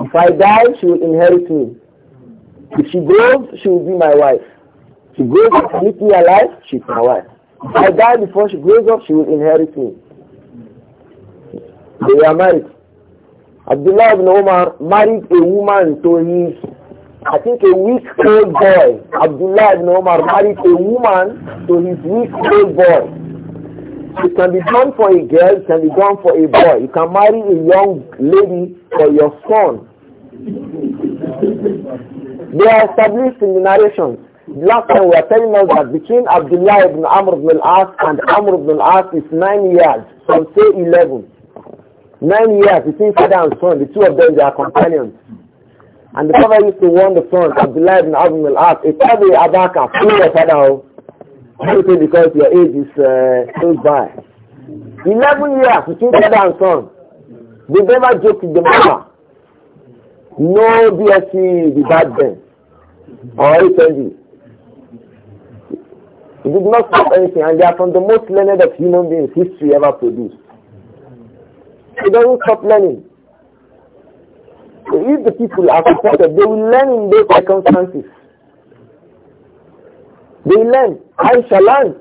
Speaker 2: If I die, she will inherit me. If she grows, she will be my wife. She grows up to meet me alive, she's my wife. If I die before she grows up, she will inherit me. They are married. Abdullah ibn Omar married a woman to his I think a weak old boy, Abdullah ibn Omar, married a woman to his weak old boy. It can be done for a girl, it can be done for a boy. You can marry a young lady for your son. They are established in the narration. Last time we are telling us that between Abdullah ibn Amr ibn al-As and Amr ibn al-As is nine years, some say eleven. Nine years between father and son, the two of them, they are companions. And the father used to warn the son, Abdullah ibn Abim al-As, if every can fool your father, everything oh, because your age is uh, close by. 11 years between father and son. They never joked with the mother. No the bad them. Or HIV. He did not stop anything and they are from the most learned of human beings history ever produced. They doesn't stop learning. So if the people are supported, they will learn in those circumstances. They learn. Aisha learns.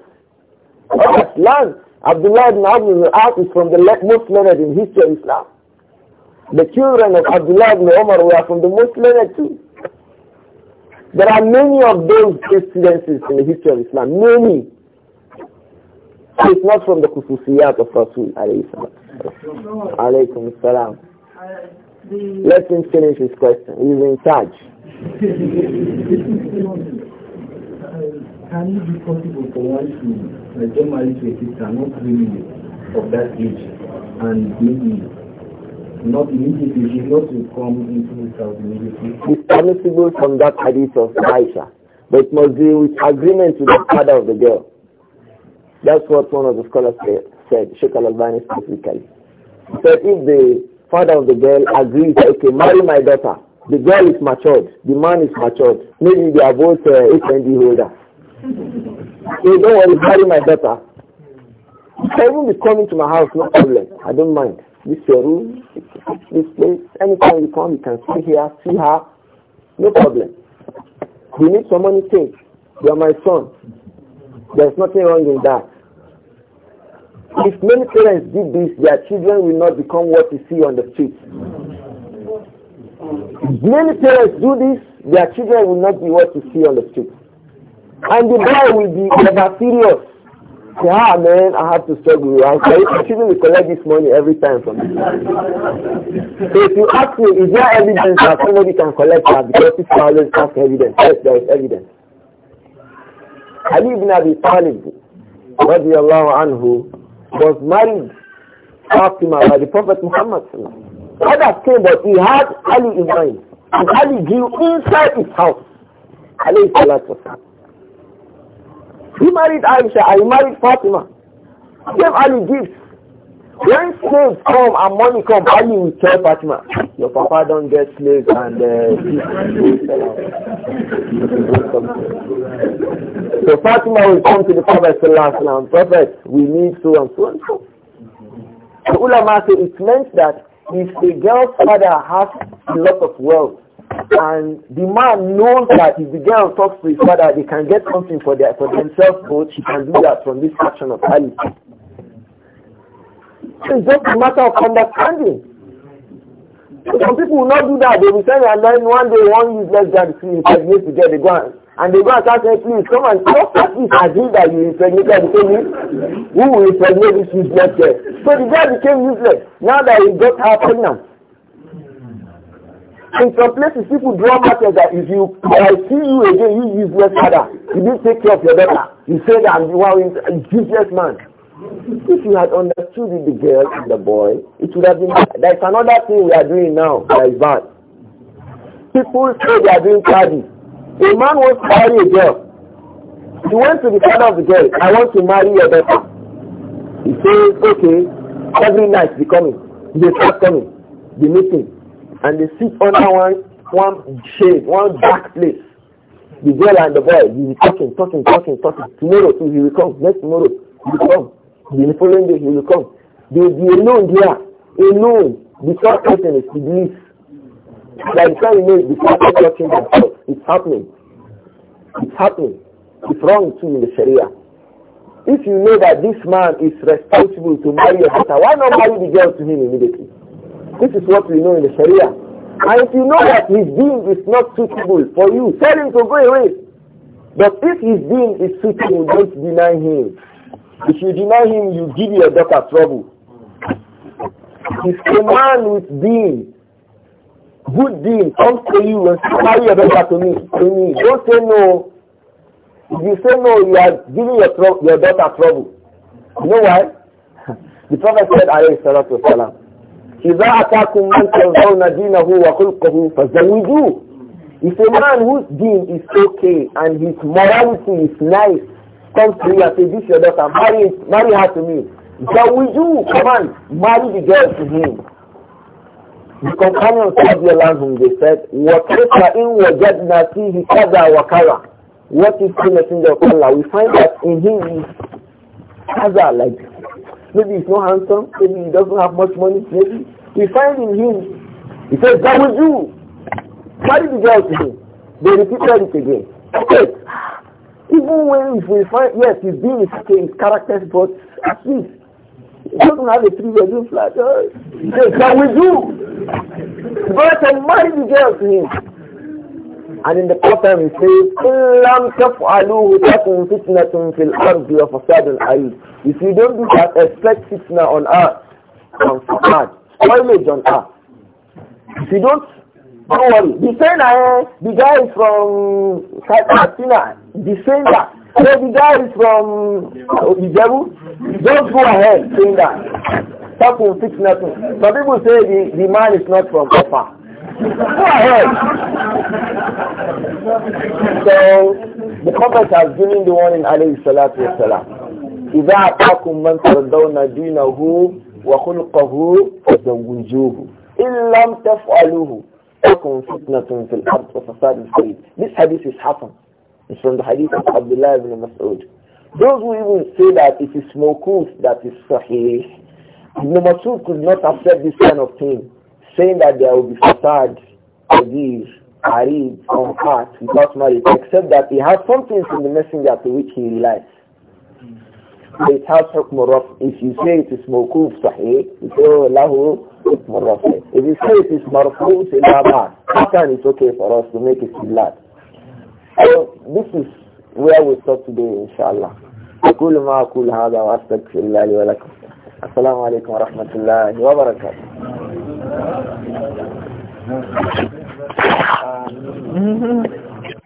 Speaker 2: Abbas learns. Abdullah ibn Abdul al is from the most learned in history of Islam. The children of Abdullah ibn Omar were from the most learned too. There are many of those precedences in the history of Islam. Many. It's not from the khususiyat of Rasul alayhi salam. salam. Let him finish his question. He's in charge. Can it be possible for one to like, get married to a sister not really of that age and maybe not immediately, she's not to come into the house immediately? It's permissible from that hadith of Aisha, but it must be with agreement with the father of the girl. That's what one of the scholars said, Sheikh Al-Albani specifically. So if the father of the girl agrees, okay, marry my daughter. The girl is matured. The man is matured. Maybe they are both uh, HND holders.
Speaker 3: (laughs) they don't want to marry my
Speaker 2: daughter. So even be coming to my house, no problem. I don't mind. This is your room, this place. Anytime you come, you can sit here, see her. No problem. You need someone to take. You are my son. There's nothing wrong in that. If many parents did this, their children will not become what you see on the streets.
Speaker 3: If
Speaker 2: many parents do this, their children will not be what you see on the streets. And the boy will be ever serious. Say, ah man, I have to struggle. I'm sorry, collect this money every time from me. so
Speaker 3: if you ask me, is there evidence that somebody
Speaker 2: can collect that? Because people parents ask evidence. Yes, there is evidence. Ali ibn Abi Talib, radiallahu anhu, was married Fatima by the Prophet Muhammad. Father came, but he had Ali in mind. And Ali grew inside his house. Ali Alayhi salatu He married Aisha I married Fatima. He gave Ali gifts.
Speaker 3: When slaves come and
Speaker 2: money come, how you will tell Fatima, your papa don't get slaves and uh, (laughs) So Fatima will come to the Prophet Sallallahu Prophet, we need so and so and so. The ulama say it means that if the girl's father has a lot of wealth and the man knows that if the girl talks to his father, they can get something for, their, for themselves both, she can do that from this action of Ali. It's just a matter of understanding. Some people will not do that. They will tell you, and then one day one useless guy will impregnate to get the gun. And they go and start please come and stop at least agree that you impregnated the same Who will impregnate this useless guy? So the guy became useless. Now that he got her pregnant. In some places, people draw matters that if you, I see you again, you useless father. You didn't take care of your daughter. You say that I'm the one, useless man. If you had understood it, the girl and the boy, it would have been bad. There's another thing we are doing now that is bad. People say they are doing parties. A man wants to marry a girl. He went to the father of the girl, I want to marry your daughter. He says, okay, every night they coming. They start coming. They meeting. And they sit under one, one shade, one dark place the girl and the boy, he will be talking, talking, talking, talking. Tomorrow too, he will come. Next tomorrow, he will come. The following day he will come. They will be alone there, alone. The third person is Iblis. Like trying to you, the person touching themselves. It's happening. It's happening. It's wrong too in the Sharia. If you know that this man is responsible to marry your daughter, why not marry the girl to him immediately? This is what we know in the Sharia. And if you know that his being is not suitable for you, tell him to go away. But if his being is suitable, don't deny him. If you deny him, you give your daughter trouble. If a man with deen, good deen, comes to you and marry your daughter to me, to me, don't say no. If you say no, you are giving your, tro- your daughter trouble. You know why? (laughs) The Prophet said, alayhi salatu wasalam, إذا أتاكم من ترضون دينه وخلقه فزوجوه. If a man whose deen is okay and his morality is nice, Come to me and say this is your daughter, marry, marry her to me. Zawiju, come on, marry the girl to him. The companions of the land whom they said, وَكَيْفَ إِنْ he فِيهِ كَذَا وَكَذَا What is the messenger of Allah? We find that in him has that like Maybe he's not handsome, maybe he doesn't have much money, maybe. We find in him, he says, you marry the girl to him. They repeated it again. Okay. Even when we find, yes, his being is okay, character, but at least he doesn't have a three bedroom flat. yes, can we do? But I married the girl to him. And in the Quran he says, لَمْ تَفْعَلُوهُ تَكُنْ فِتْنَةٌ فِي الْأَرْضِ وَفَسَادٌ عَرِيضٌ If you don't do that, expect fitna on earth and fad, spoilage on earth. If you don't, don't worry. The guy is from Katina, be saying that. So the guy is from uh, Ijebu, don't go ahead saying that. Stop will fix nothing. Some people say the, the man is not from Kofa.
Speaker 3: Go ahead. So the
Speaker 2: Prophet has given the one warning alayhi salatu wasalam. إذا أتاكم من ترضون دينه وخلقه فزوجوه إن لم تفعلوه تكن فتنة في الأرض وفساد في This hadith is happened from the hadith of Abdullah ibn Mas'ud. Those who even say that it is mawkuf that is sahih, Ibn Mas'ud could not accept this kind of thing, saying that there will be fasad, hadith, arid, on heart, without marriage, except that he has something from the messenger to which he relies. So it has hukm If you say it is mawkuf sahih, you say, oh, lahu hukm If you say it is marfu, say, la How can it's okay for us to make it blood? So this is where we stop today, inshallah. أقول ما أقول هذا وأستغفر الله لي ولكم السلام عليكم ورحمة
Speaker 3: الله وبركاته Mm-hmm.